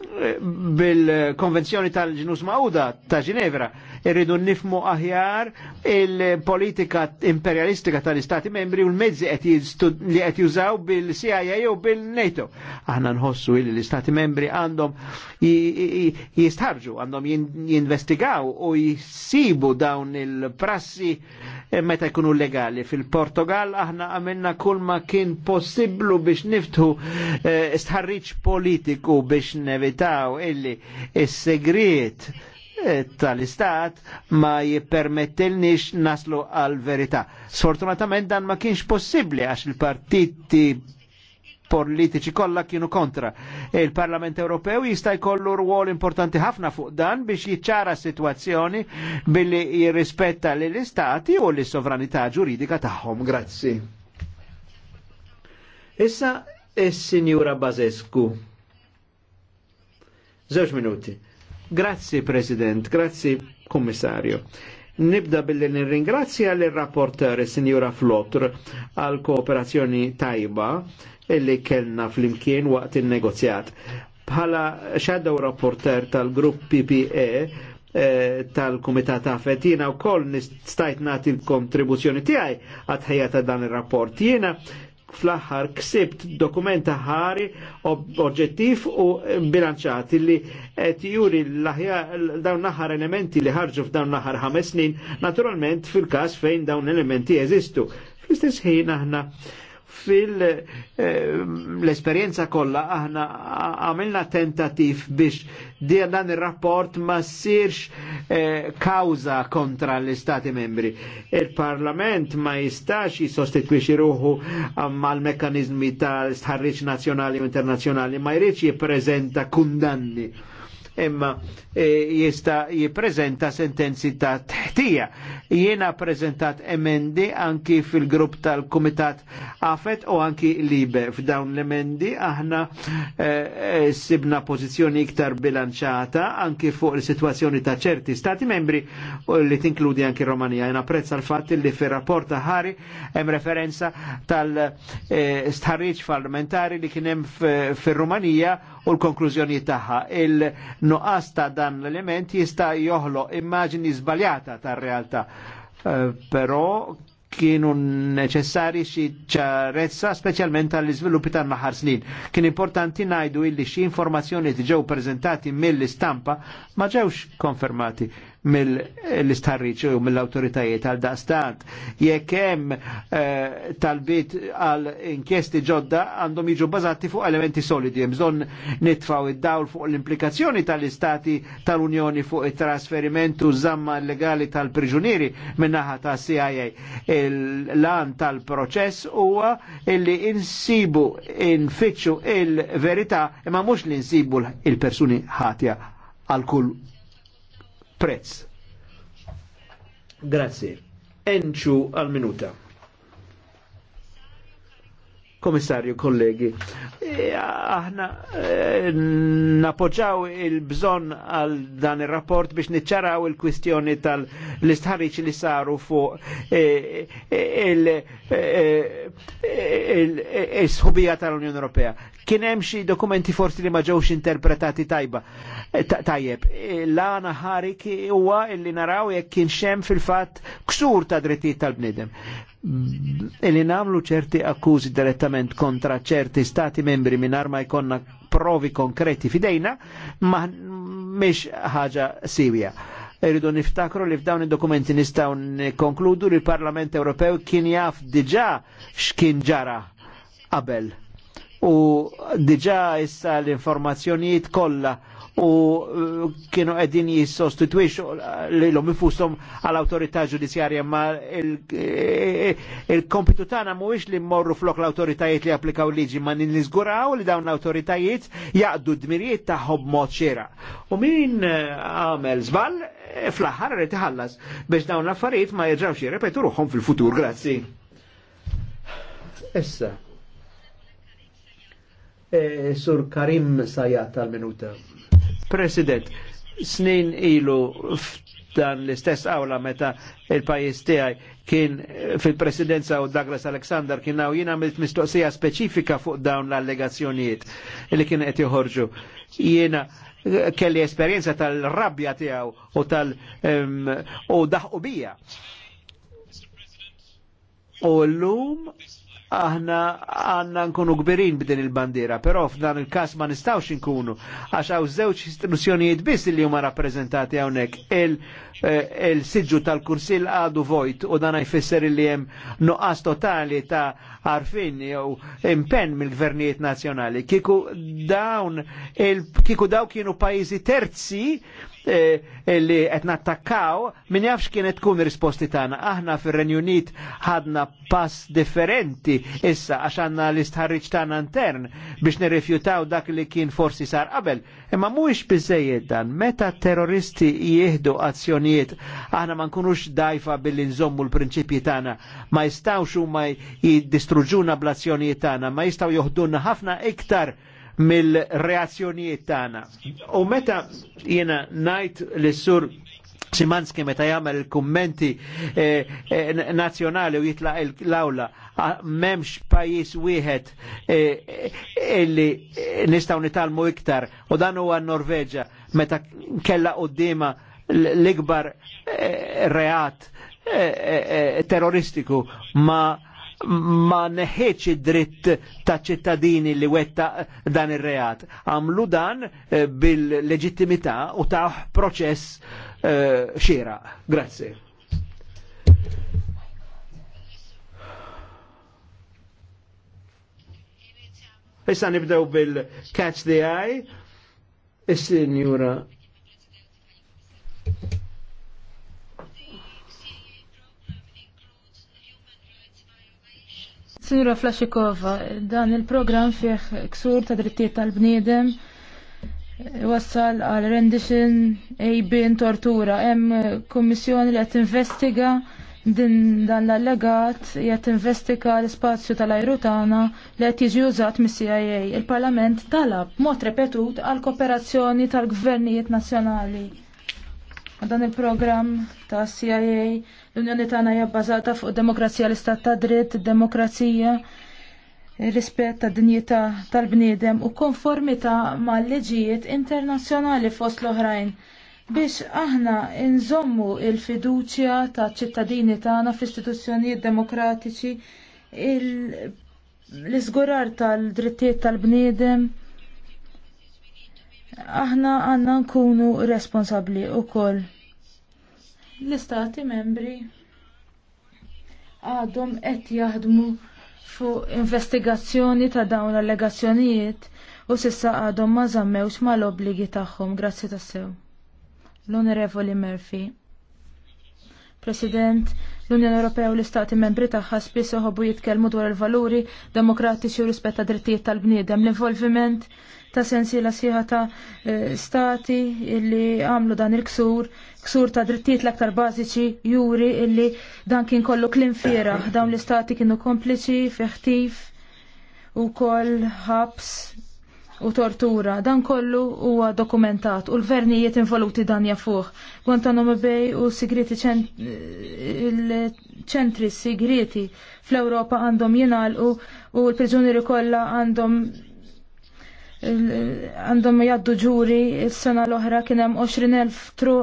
bil-konvenzjoni tal-ġnus Mauda ta' Ginevra irridu nifmu aħjar il-politika imperialistika tal-istati membri u l-mezzi li qed jużaw bil-CIA u bil-NATO. Aħna nħossu li l-istati membri għandhom jistħarġu, għandhom jinvestigaw u jisibu dawn il-prassi E meta jkunu legali. Fil-Portugal aħna għamilna kull ma kien possiblu biex niftu eh, stħarriċ politiku biex nevitaw illi is-segret e, tal-istat ma jippermettilniex naslu għal verità. Sfortunatament dan ma kienx possibbli għax il-partiti politiċi kollha kienu kontra. Il-Parlament Ewropew jista' jkollu rwol importanti ħafna fuq dan biex jiċċara s-sitwazzjoni billi jirrispetta l istati u l-sovranità ġuridika tagħhom. Grazzi. Issa is-Sinjura Bazescu. Żewġ minuti. Grazzi President, grazzi Kommissarju. Nibda billi nirringrazzja l rapporter Sinjura Flotr għal kooperazzjoni tajba illi kellna fl-imkien waqt il-negozjat. Bħala shadow rapporter tal-grupp PPE eh, tal-Kumitat Afetina u wkoll nistajt nagħti l-kontribuzzjoni tiegħi għat dan ir-rapport. Jena fl-aħħar ksibt dokumenta ħari oġġettiv u bilanċat li qed juri dawn naħar elementi li ħarġu f'dawn naħar ħames snin, naturalment fil-każ fejn dawn elementi jeżistu. Fl-istess ħin aħna fil-esperienza eh, kolla kollha aħna għamilna tentativ biex di dan ir-rapport ma ssirx eh, kawza kontra l-Istati membri. Il-Parlament ma jistax jisostitwixi ruħu mal-mekkanizmi tal-istħarriċ nazjonali u internazjonali, ma jirriċ jiprezenta kundanni imma eh, jista jiprezenta sentenzi ta' tħtija Jiena prezentat emendi anki fil-grupp tal-Kumitat Afet u anki Libe. F'dawn l-emendi aħna eh, eh sibna pożizzjoni iktar bilanċata anki fuq il-situazzjoni ta' ċerti stati membri li tinkludi anki Romania. Jena prezz l fatti li fil-rapport ta' ħari hemm referenza tal-starriċ eh, parlamentari li kienem fil-Rumanija u l-konklużjoni tagħha. Il-nuqqas ta' dan l-element jista' joħlo immaġini żbaljata tar-realtà. Eh, però kienu neċessari xi ċarezza speċjalment għall iżviluppi tan-naħar snin. Kien importanti ngħidu illi xi informazzjoni li ġew preżentati mill-istampa ma ġewx konfermati mill-istarriċ u mill-autoritajiet għal daqstant. Jekk hemm eh, talbit għal inkjesti ġodda għandhom jiġu bazati fuq elementi solidi, bżonn nitfaw id-dawl fuq l-implikazzjoni tal-istati tal-Unjoni fuq it-trasferimentu zamma legali tal-priġunieri minnaħa ta' CIA. Il-lan tal-proċess huwa illi insibu infittxu il-verità imma mhux li insibu il-persuni ħatja għal kull prezz. Grazie. Enċu għal minuta komissarju, kollegi. E, aħna e, napoġaw il-bżon għal dan il-rapport biex niċċaraw il-kwistjoni tal-istħarriċ li saru fuq e, il-sħubija tal-Unjoni Ewropea. Kien hemm xi dokumenti forsi li ma ġewx interpretati tajba. Tajjeb, l-għana ħarik huwa illi naraw jekk kien xem fil-fatt ksur ta' drittijiet tal-bnidem li namlu ċerti akkużi direttament kontra ċerti stati membri minn arma jkonna provi konkreti fidejna, ma miex ħaġa siwja. Irridu niftakru li f'dawn id-dokumenti nistgħu nikkonkludu li l-Parlament Ewropew kien jaf diġà x'kien ġara qabel. U diġà issa l-informazzjonijiet kollha u eh, kienu għedin eh, li l-lum ifustom għal-autorità ġudizjarja ma il-kompitu tana muwix li morru flok l-autoritajiet li applikaw liġi ma nizguraw li dawn l-autoritajiet jaqdu d-mirijiet taħob mod xera. U min eh, għamel zbal fl-ħar li tħallas biex dawn l-affarijiet ma xie jirrepetu ruħom fil-futur, grazzi. Essa. sur Karim Sajat tal-minuta. President, snin ilu f'dan l-istess awla meta il-pajis tijaj kien fil-presidenza u Douglas Alexander kien għaw jiena għamilt mistoqsija specifika fuq dawn l-allegazzjonijiet li kien qed joħorġu. Jina kelli esperienza tal-rabja tijaw u tal- u U l-lum aħna għanna nkunu gbirin b'din il-bandira, però f'dan il-kas ma nistawx nkunu, għax għaw zewċ istituzzjonijiet biss li huma rappresentati għawnek, il-sidġu eh, tal-kursil għadu vojt u dan jfisser li jem nuqqas totali ta' għarfin jew impenn mill-gvernijiet nazjonali. Kiku dawn, kiku daw kienu pajizi terzi, E, e, li qed nattakkaw min jafx kienet tkun risposti tagħna. Aħna fir-Renju Unit ħadna pass differenti issa għax għandna l-istħarriġ tagħna intern biex nirrifjutaw dak li kien forsi sar qabel. Imma mhuwiex biżejjed dan, meta terroristi jieħdu azzjonijiet aħna ma nkunux dajfa billi nżommu l-prinċipji tagħna, ma jistgħux huma jiddistruġuna bl-azzjonijiet tagħna, ma jistgħu joħdunna ħafna iktar mill-reazzjonijiet tagħna. U meta jiena najt l-sur Simanski meta jagħmel il-kummenti eh, eh, nazzjonali u jitlaq l-awla memx pajis wieħed eh, illi nistgħu nitalmu iktar u dan huwa Norveġa meta kella qudiema l-ikbar reat terroristiku ma' ma neħieċ id-dritt ta' ċittadini li wetta dan il reat Għamlu dan eh, bil-leġittimità u ta' proċess eh, xira. Grazie. Issa nibdew bil-catch the eye. Is-sinjura Sinjura Flashikova, dan il-program fih ksur ta' drittijiet tal-bniedem eh, wassal għal rendition ejbin tortura. Hemm kummissjoni li qed investiga din dan l-allegat qed investiga l-ispazju tal-ajru li qed jiġi użat mis-CIA. Il-Parlament talab mod repetut għal kooperazzjoni tal-gvernijiet nazzjonali dan il-programm ta' CIA, l-Unjoni tagħna hija bbażata fuq demokrazija l-istat ta' dritt, demokrazija, rispett ta' dinjità tal-bniedem u konformità mal liġijiet internazzjonali fost l-oħrajn biex aħna nżommu il-fiduċja ta' ċittadini tagħna fl-istituzzjonijiet demokratiċi l-iżgurar tal-drittijiet tal-bniedem aħna għanna nkunu responsabli u koll. L-istati membri għadhom qed jaħdmu fuq investigazzjoni ta' dawn l-allegazzjonijiet u sissa għadhom ma żammewx mal-obbligi tagħhom grazzi tassew. L-Onorevoli Murphy. President, l-Unjoni Ewropea u l-Istati membri tagħha spiss oħobu jitkellmu dwar il-valuri demokratiċi u rispett tad drittijiet tal-bniedem, l-involviment ta' la siħa ta' eh, stati illi għamlu dan il-ksur, ksur ta' drittijiet l-aktar bażiċi juri illi dan kien kollu klinfiera, dawn l-istati kienu kompliċi, feħtif u koll ħabs u tortura. Dan kollu huwa dokumentat u l-gvernijiet involuti dan jafuh. Guantanamo Bay u sigriti ċentri sigriti fl-Europa għandhom jinalqu u l-priġunieri kollha għandhom għandhom jaddu ġuri s-sena l-oħra kien hemm 20,000 tru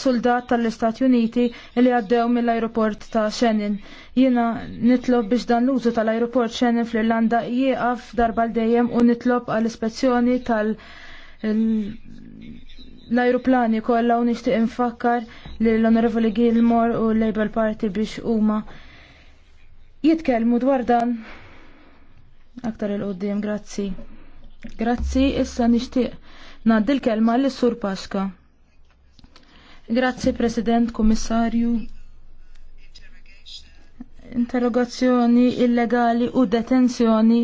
soldat tal-Istati Uniti li għaddew mill-aeroport ta' Shannon. Jiena nitlob biex dan l-użu tal-aeroport Shannon fl-Irlanda jieqaf darba l-dejjem u nitlob għall-ispezzjoni tal- l-aeroplani kollha u nixtieq infakkar li l-Onorevoli Gilmore u l-Labor Party biex huma jitkellmu dwar dan aktar il qoddim grazzi. Grazzi, issa nixtieq ngħaddi l-kelma lis sur Paska. Grazzi, President, Kommissarju. Interrogazzjoni illegali u detenzjoni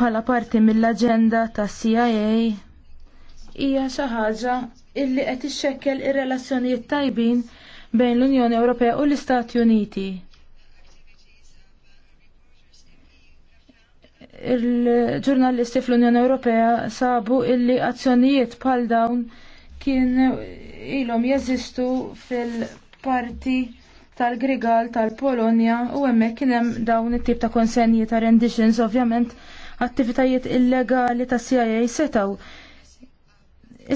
bħala parti mill-aġenda tas CIA hija xi ħaġa illi qed ixxekkel ir-relazzjonijiet tajbin bejn l-Unjoni Ewropea u l-Istati Uniti. il-ġurnalisti fl-Unjoni Ewropea sabu illi azzjonijiet bħal dawn kien ilhom jeżistu fil-parti tal-Grigal tal-Polonja u hemmhekk kien hemm dawn it-tip ta' konsenji ta' renditions ovvjament attivitajiet illegali ta' CIA setaw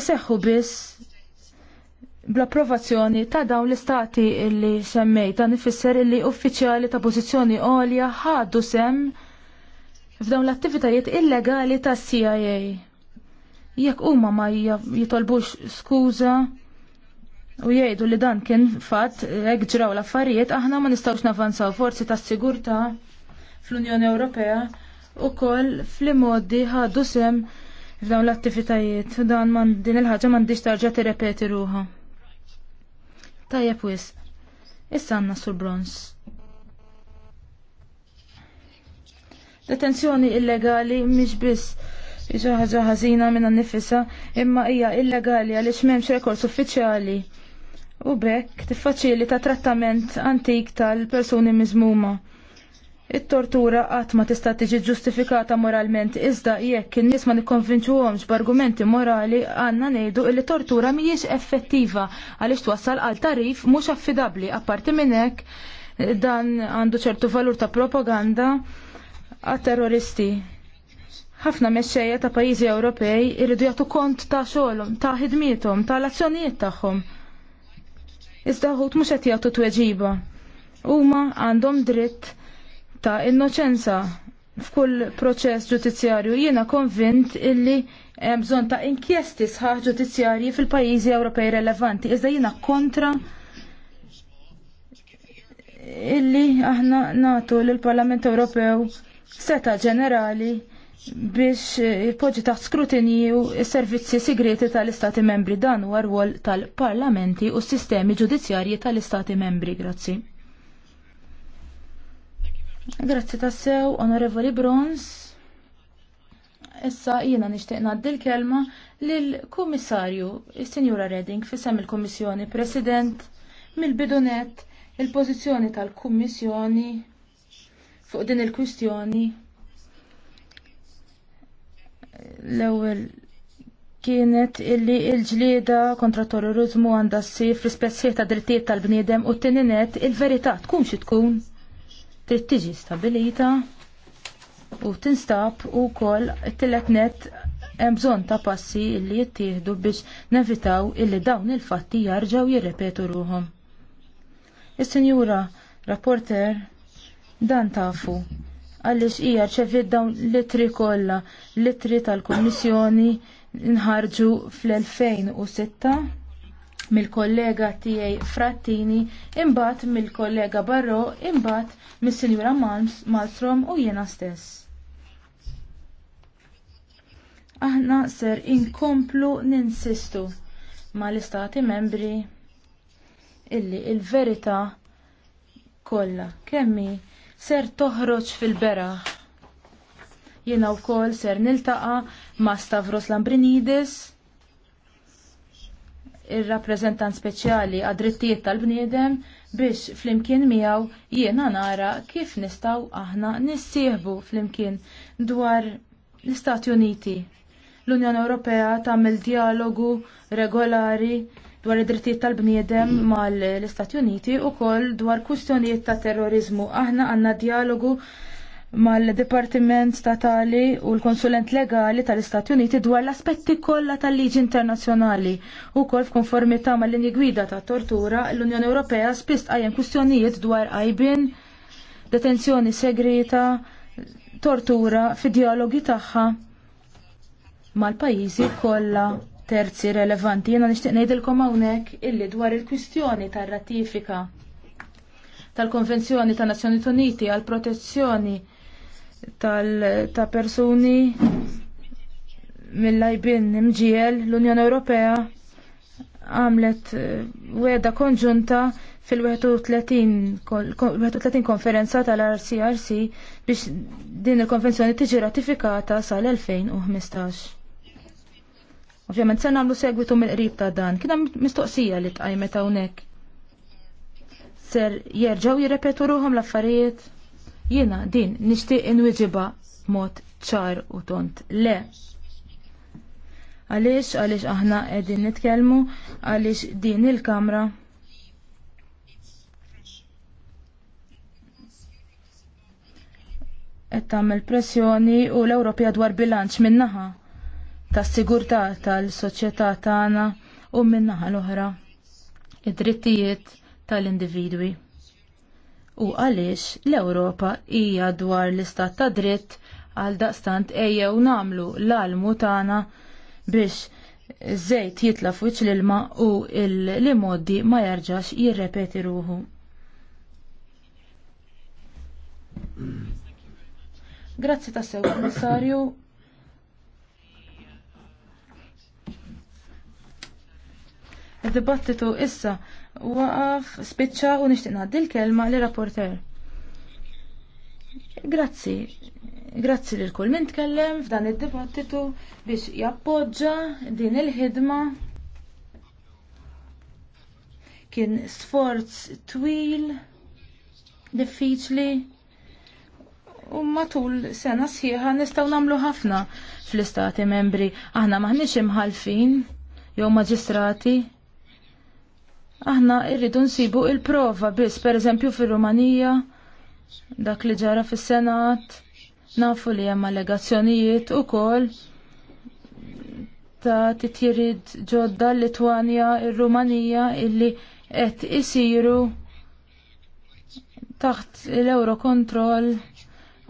iseħħu biss bl-approvazzjoni ta' dawn l-istati illi semmejta nifisser illi uffiċjali ta' pożizzjoni għolja ħadu sem f'dawn l-attivitajiet illegali tas CIA. Jekk huma ma jitolbux skuża u jgħidu li dan kien fatt hekk ġraw l-affarijiet aħna ma nistgħux navanzaw forzi tas-sigurtà fl-Unjoni Ewropea ukoll fl-modi ħadu sem f'dawn l-attivitajiet dan man din il-ħaġa m'għandix tarġa' tirrepeti ruha. Tajjeb wisq. Issa għandna sur bronz. Detenzjoni illegali mhix biss xi ħaġa ħażina minn nifisa imma hija illegali għaliex m'hemmx rekords uffiċjali. U bekk tiffaċili ta' trattament antik tal-persuni miżmuma. It-tortura qatt ma tista' tiġi ġustifikata moralment iżda jekk in-nies ma nikkonvinċuhomx b'argumenti morali għandna ngħidu li tortura mhijiex effettiva għaliex twassal għal tarif mhux affidabbli apparti minn hekk dan għandu ċertu valur ta' propaganda għat-terroristi. Ħafna mexxejja ta' pajjiżi Ewropej irridu jagħtu kont ta' xogħolhom, ta' ħidmietom, ta' l-azzjonijiet tagħhom. Iżda ħut mhux qed jagħtu tweġiba. Huma għandhom dritt ta' innoċenza f'kull proċess ġudizzjarju. Jiena konvint illi hemm bżonn ta' inkjesti sħaħ ġudizzjarji fil-pajjiżi Ewropej relevanti. Iżda jiena kontra illi aħna natu l-Parlament Ewropew seta ġenerali biex jpoġġi taħt skrutinju s-servizzi segreti tal-Istati membri dan huwa wol tal-parlamenti u s-sistemi ġudizzjarji tal-Istati membri. Grazzi. Grazzi tassew, onorevoli Brons. Issa jiena nixtieq ngħaddi l-kelma lill-Kummissarju, il sinjura Reding, fisem il kommissjoni President, mill-bidunet, il-pożizzjoni tal-Kummissjoni fuq din il-kwistjoni l-ewwel kienet illi il-ġlieda kontra terrorizmu għandha ssir fl-ispezzijiet ta' drittijiet tal-bniedem u t-tininet il-verità tkun xi tkun trid tiġi stabilita u tinstab u kol tillet net hemm bżonn ta' passi illi jittieħdu biex nevitaw illi dawn il-fatti jarġgħu jirrepetu ruhom. Is-Sinjura Rapporteur. Dan tafu. Għaliex hija ċevit dawn litri kollha, litri tal-Kummissjoni nħarġu fl-2006 mill-kollega tiegħi Frattini, imbagħad mill-kollega Barro, imbagħad mis-Sinjura Malstrom u jiena stess. Aħna ser inkomplu ninsistu mal-istati membri illi il-verità kollha kemmi ser toħroġ fil-bera. Jiena wkoll ser niltaqa ma' Stavros Lambrinidis, ir-rappreżentant speċjali għad-drittijiet tal-bniedem biex flimkien miegħu jiena nara kif nistgħu aħna nissieħbu flimkien dwar l-Istati Uniti. L-Unjoni Ewropea tagħmel dialogu regolari dwar id-drittijiet tal-bniedem mal-Istati Uniti u koll dwar kustjonijiet ta' terrorizmu. Aħna għanna dialogu mal-Departiment Statali u l-Konsulent Legali tal-Istati Uniti dwar l-aspetti kollha tal-liġi internazzjonali u koll f'konformità mal-linji gwida ta' tortura l-Unjoni Ewropea spiss qajjem kustjonijiet dwar għajbin, detenzjoni segreta, tortura fi dialogi tagħha mal-pajjiżi kollha terzi relevanti. Jena nishtiq ngħidilkom hawnhekk illi dwar il-kwistjoni tar-ratifika tal-Konvenzjoni ta' Nazzjoni Uniti għal protezzjoni ta' persuni mill-lajbin imġiel l-Unjoni Ewropea għamlet eh, weda konġunta fil-31 konferenza tal-RCRC biex din il-konvenzjoni tiġi ratifikata sal-2015. Ovvjament se nagħmlu segwitu mill-qrib ta' dan. Kien hemm mistoqsija li tqajmet hawnhekk. Ser jerġgħu jirrepetu ruhom l-affarijiet. Jiena din nixtieq inwiġiba mod ċar u tont. Le. Għaliex għaliex aħna qegħdin nitkellmu għaliex din il-kamra qed tagħmel pressjoni u l-Ewropja dwar bilanċ min-naħa tas-sigurtà tal-soċjetà tagħna u min-naħa l-oħra id-drittijiet tal-individwi. U għaliex l-Ewropa hija dwar l-istat ta' dritt għal daqstant ejjew namlu l-almu tagħna biex żejt jitla fuq l-ilma u l moddi ma jarġax jirrepeti ruħu. Grazzi tassew, Kommissarju. Id-dibattitu issa waqaf spiċċa u nixtieq ngħaddi l-kelma li rapporter. Grazzi. Grazzi lil kull min tkellem f'dan id-dibattitu biex jappoġġa din il-ħidma kien sforz twil, diffiċli, u matul sena sħiħa nistaw namlu ħafna fl-istati membri. Aħna maħniex imħalfin, jew maġistrati, Aħna irridu nsibu il-prova biss, per eżempju fil-Rumanija, dak li ġara fil-Senat, nafu li hemm allegazzjonijiet u kol ta' titjirid ġodda l-Litwanja, il-Rumanija, illi qed isiru taħt l-Eurocontrol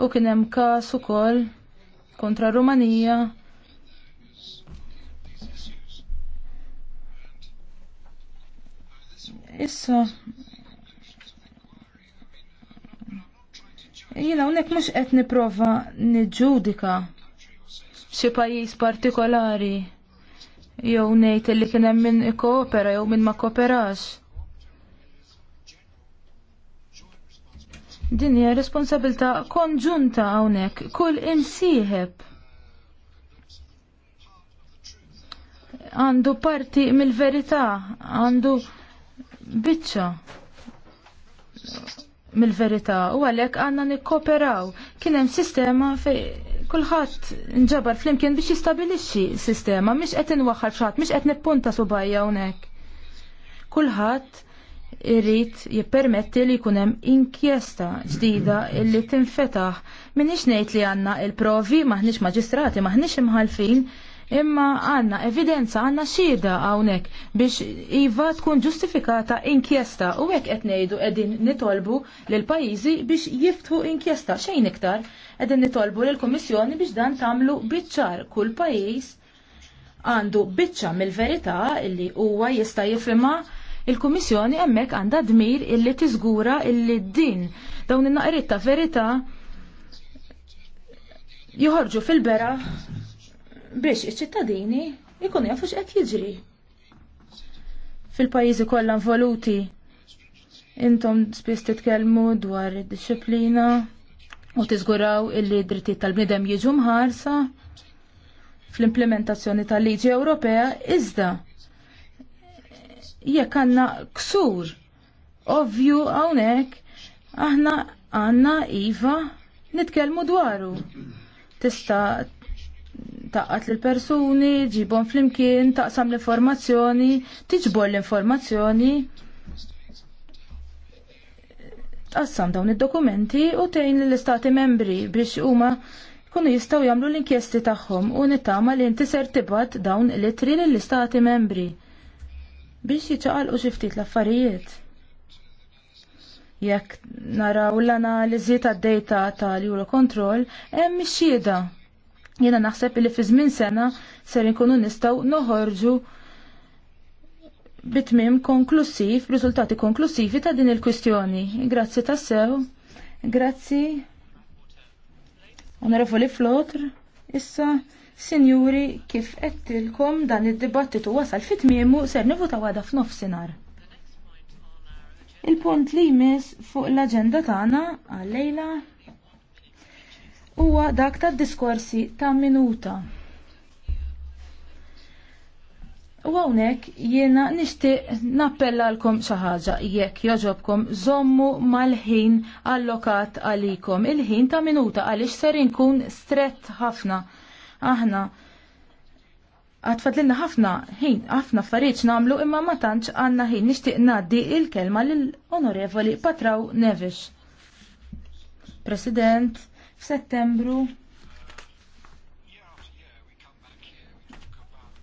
u kien hemm każ ukoll kontra Rumanija Issa, jina unek mux qed niprofa niġudika xi pajjiż partikolari jew ngħid li kien hemm min ikkopera jew min ma kooperax. Din hija responsabilità konġunta hawnhekk, kull insieħeb għandu parti mill-verità, għandu biċċa mill-verità u għalhekk għandna nikkoperaw. Kien hemm sistema fej kulħadd nġabar flimkien biex jistabilixi sistema miex qed inwaħħal xatt, miex qed nippunta subajja hawnhekk. Kulħadd irrit jippermetti li jkun hemm inkjesta ġdida illi tinfetaħ. Minix ngħid li għandna il-provi, maħniex maġistrati, maħniex imħalfin, imma għanna evidenza, għanna xieda għawnek biex iva tkun ġustifikata inkjesta u għek etnejdu edin nitolbu l-pajizi biex jiftħu inkjesta xejn iktar edin nitolbu l-Komissjoni biex dan tamlu bitċar kull pajiz għandu bitċa mill-verità illi huwa jista' jifhimha il-Kummissjoni hemmhekk għandha dmir illi tiżgura illi din dawn in-naqrit ta' verità joħorġu fil-bera biex iċ-ċittadini ikun jafu x'qed jiġri. Fil-pajjiżi kollha involuti intom spiss titkellmu dwar id-disciplina u tiżguraw illi d-drittijiet tal-bniedem jiġu mħarsa fl-implementazzjoni tal-liġi Ewropea iżda jekk għandna ksur ovvju hawnhekk aħna għandna iva nitkellmu dwaru. Tista' Taqqat l persuni ġibon flimkien, taqsam l-informazzjoni, tiġbol l-informazzjoni, taqsam dawn id-dokumenti u tejn l-istati membri biex huma kunu jistaw jamlu l-inkjesti tagħhom u nittama li inti ser tibgħat dawn l l-istati membri biex jiċaqalqu xi ftit l-affarijiet. Jekk naraw l-analiżi tad-data tal-Eurocontrol, hemm ix Jena naħseb li fi żmien sena ser ikunu nistgħu noħorġu bitmim konklusiv, riżultati konklusivi ta' din il-kwistjoni. Grazzi tassew, grazzi. Onorevoli Flotr, issa Sinjuri, kif qedtilkom dan id-dibattitu wasal fit-tmiemu ser nivuta għada f'nofsinhar. Il-punt li jmiss fuq l-aġenda tagħna għal-lejla huwa dak tad-diskorsi ta' minuta. U hawnhekk jiena nixtieq nappella għalkom ħaġa jekk jogħġobkom żommu mal-ħin allokat għalikom. Il-ħin ta' minuta għaliex ser inkun stret ħafna. Aħna għatfadlilna ħafna ħin, ħafna affarijiet namlu imma ma tantx għandna ħin nixtieq ngħaddi il-kelma lill-Onorevoli Patraw Nevis. President, f'Settembru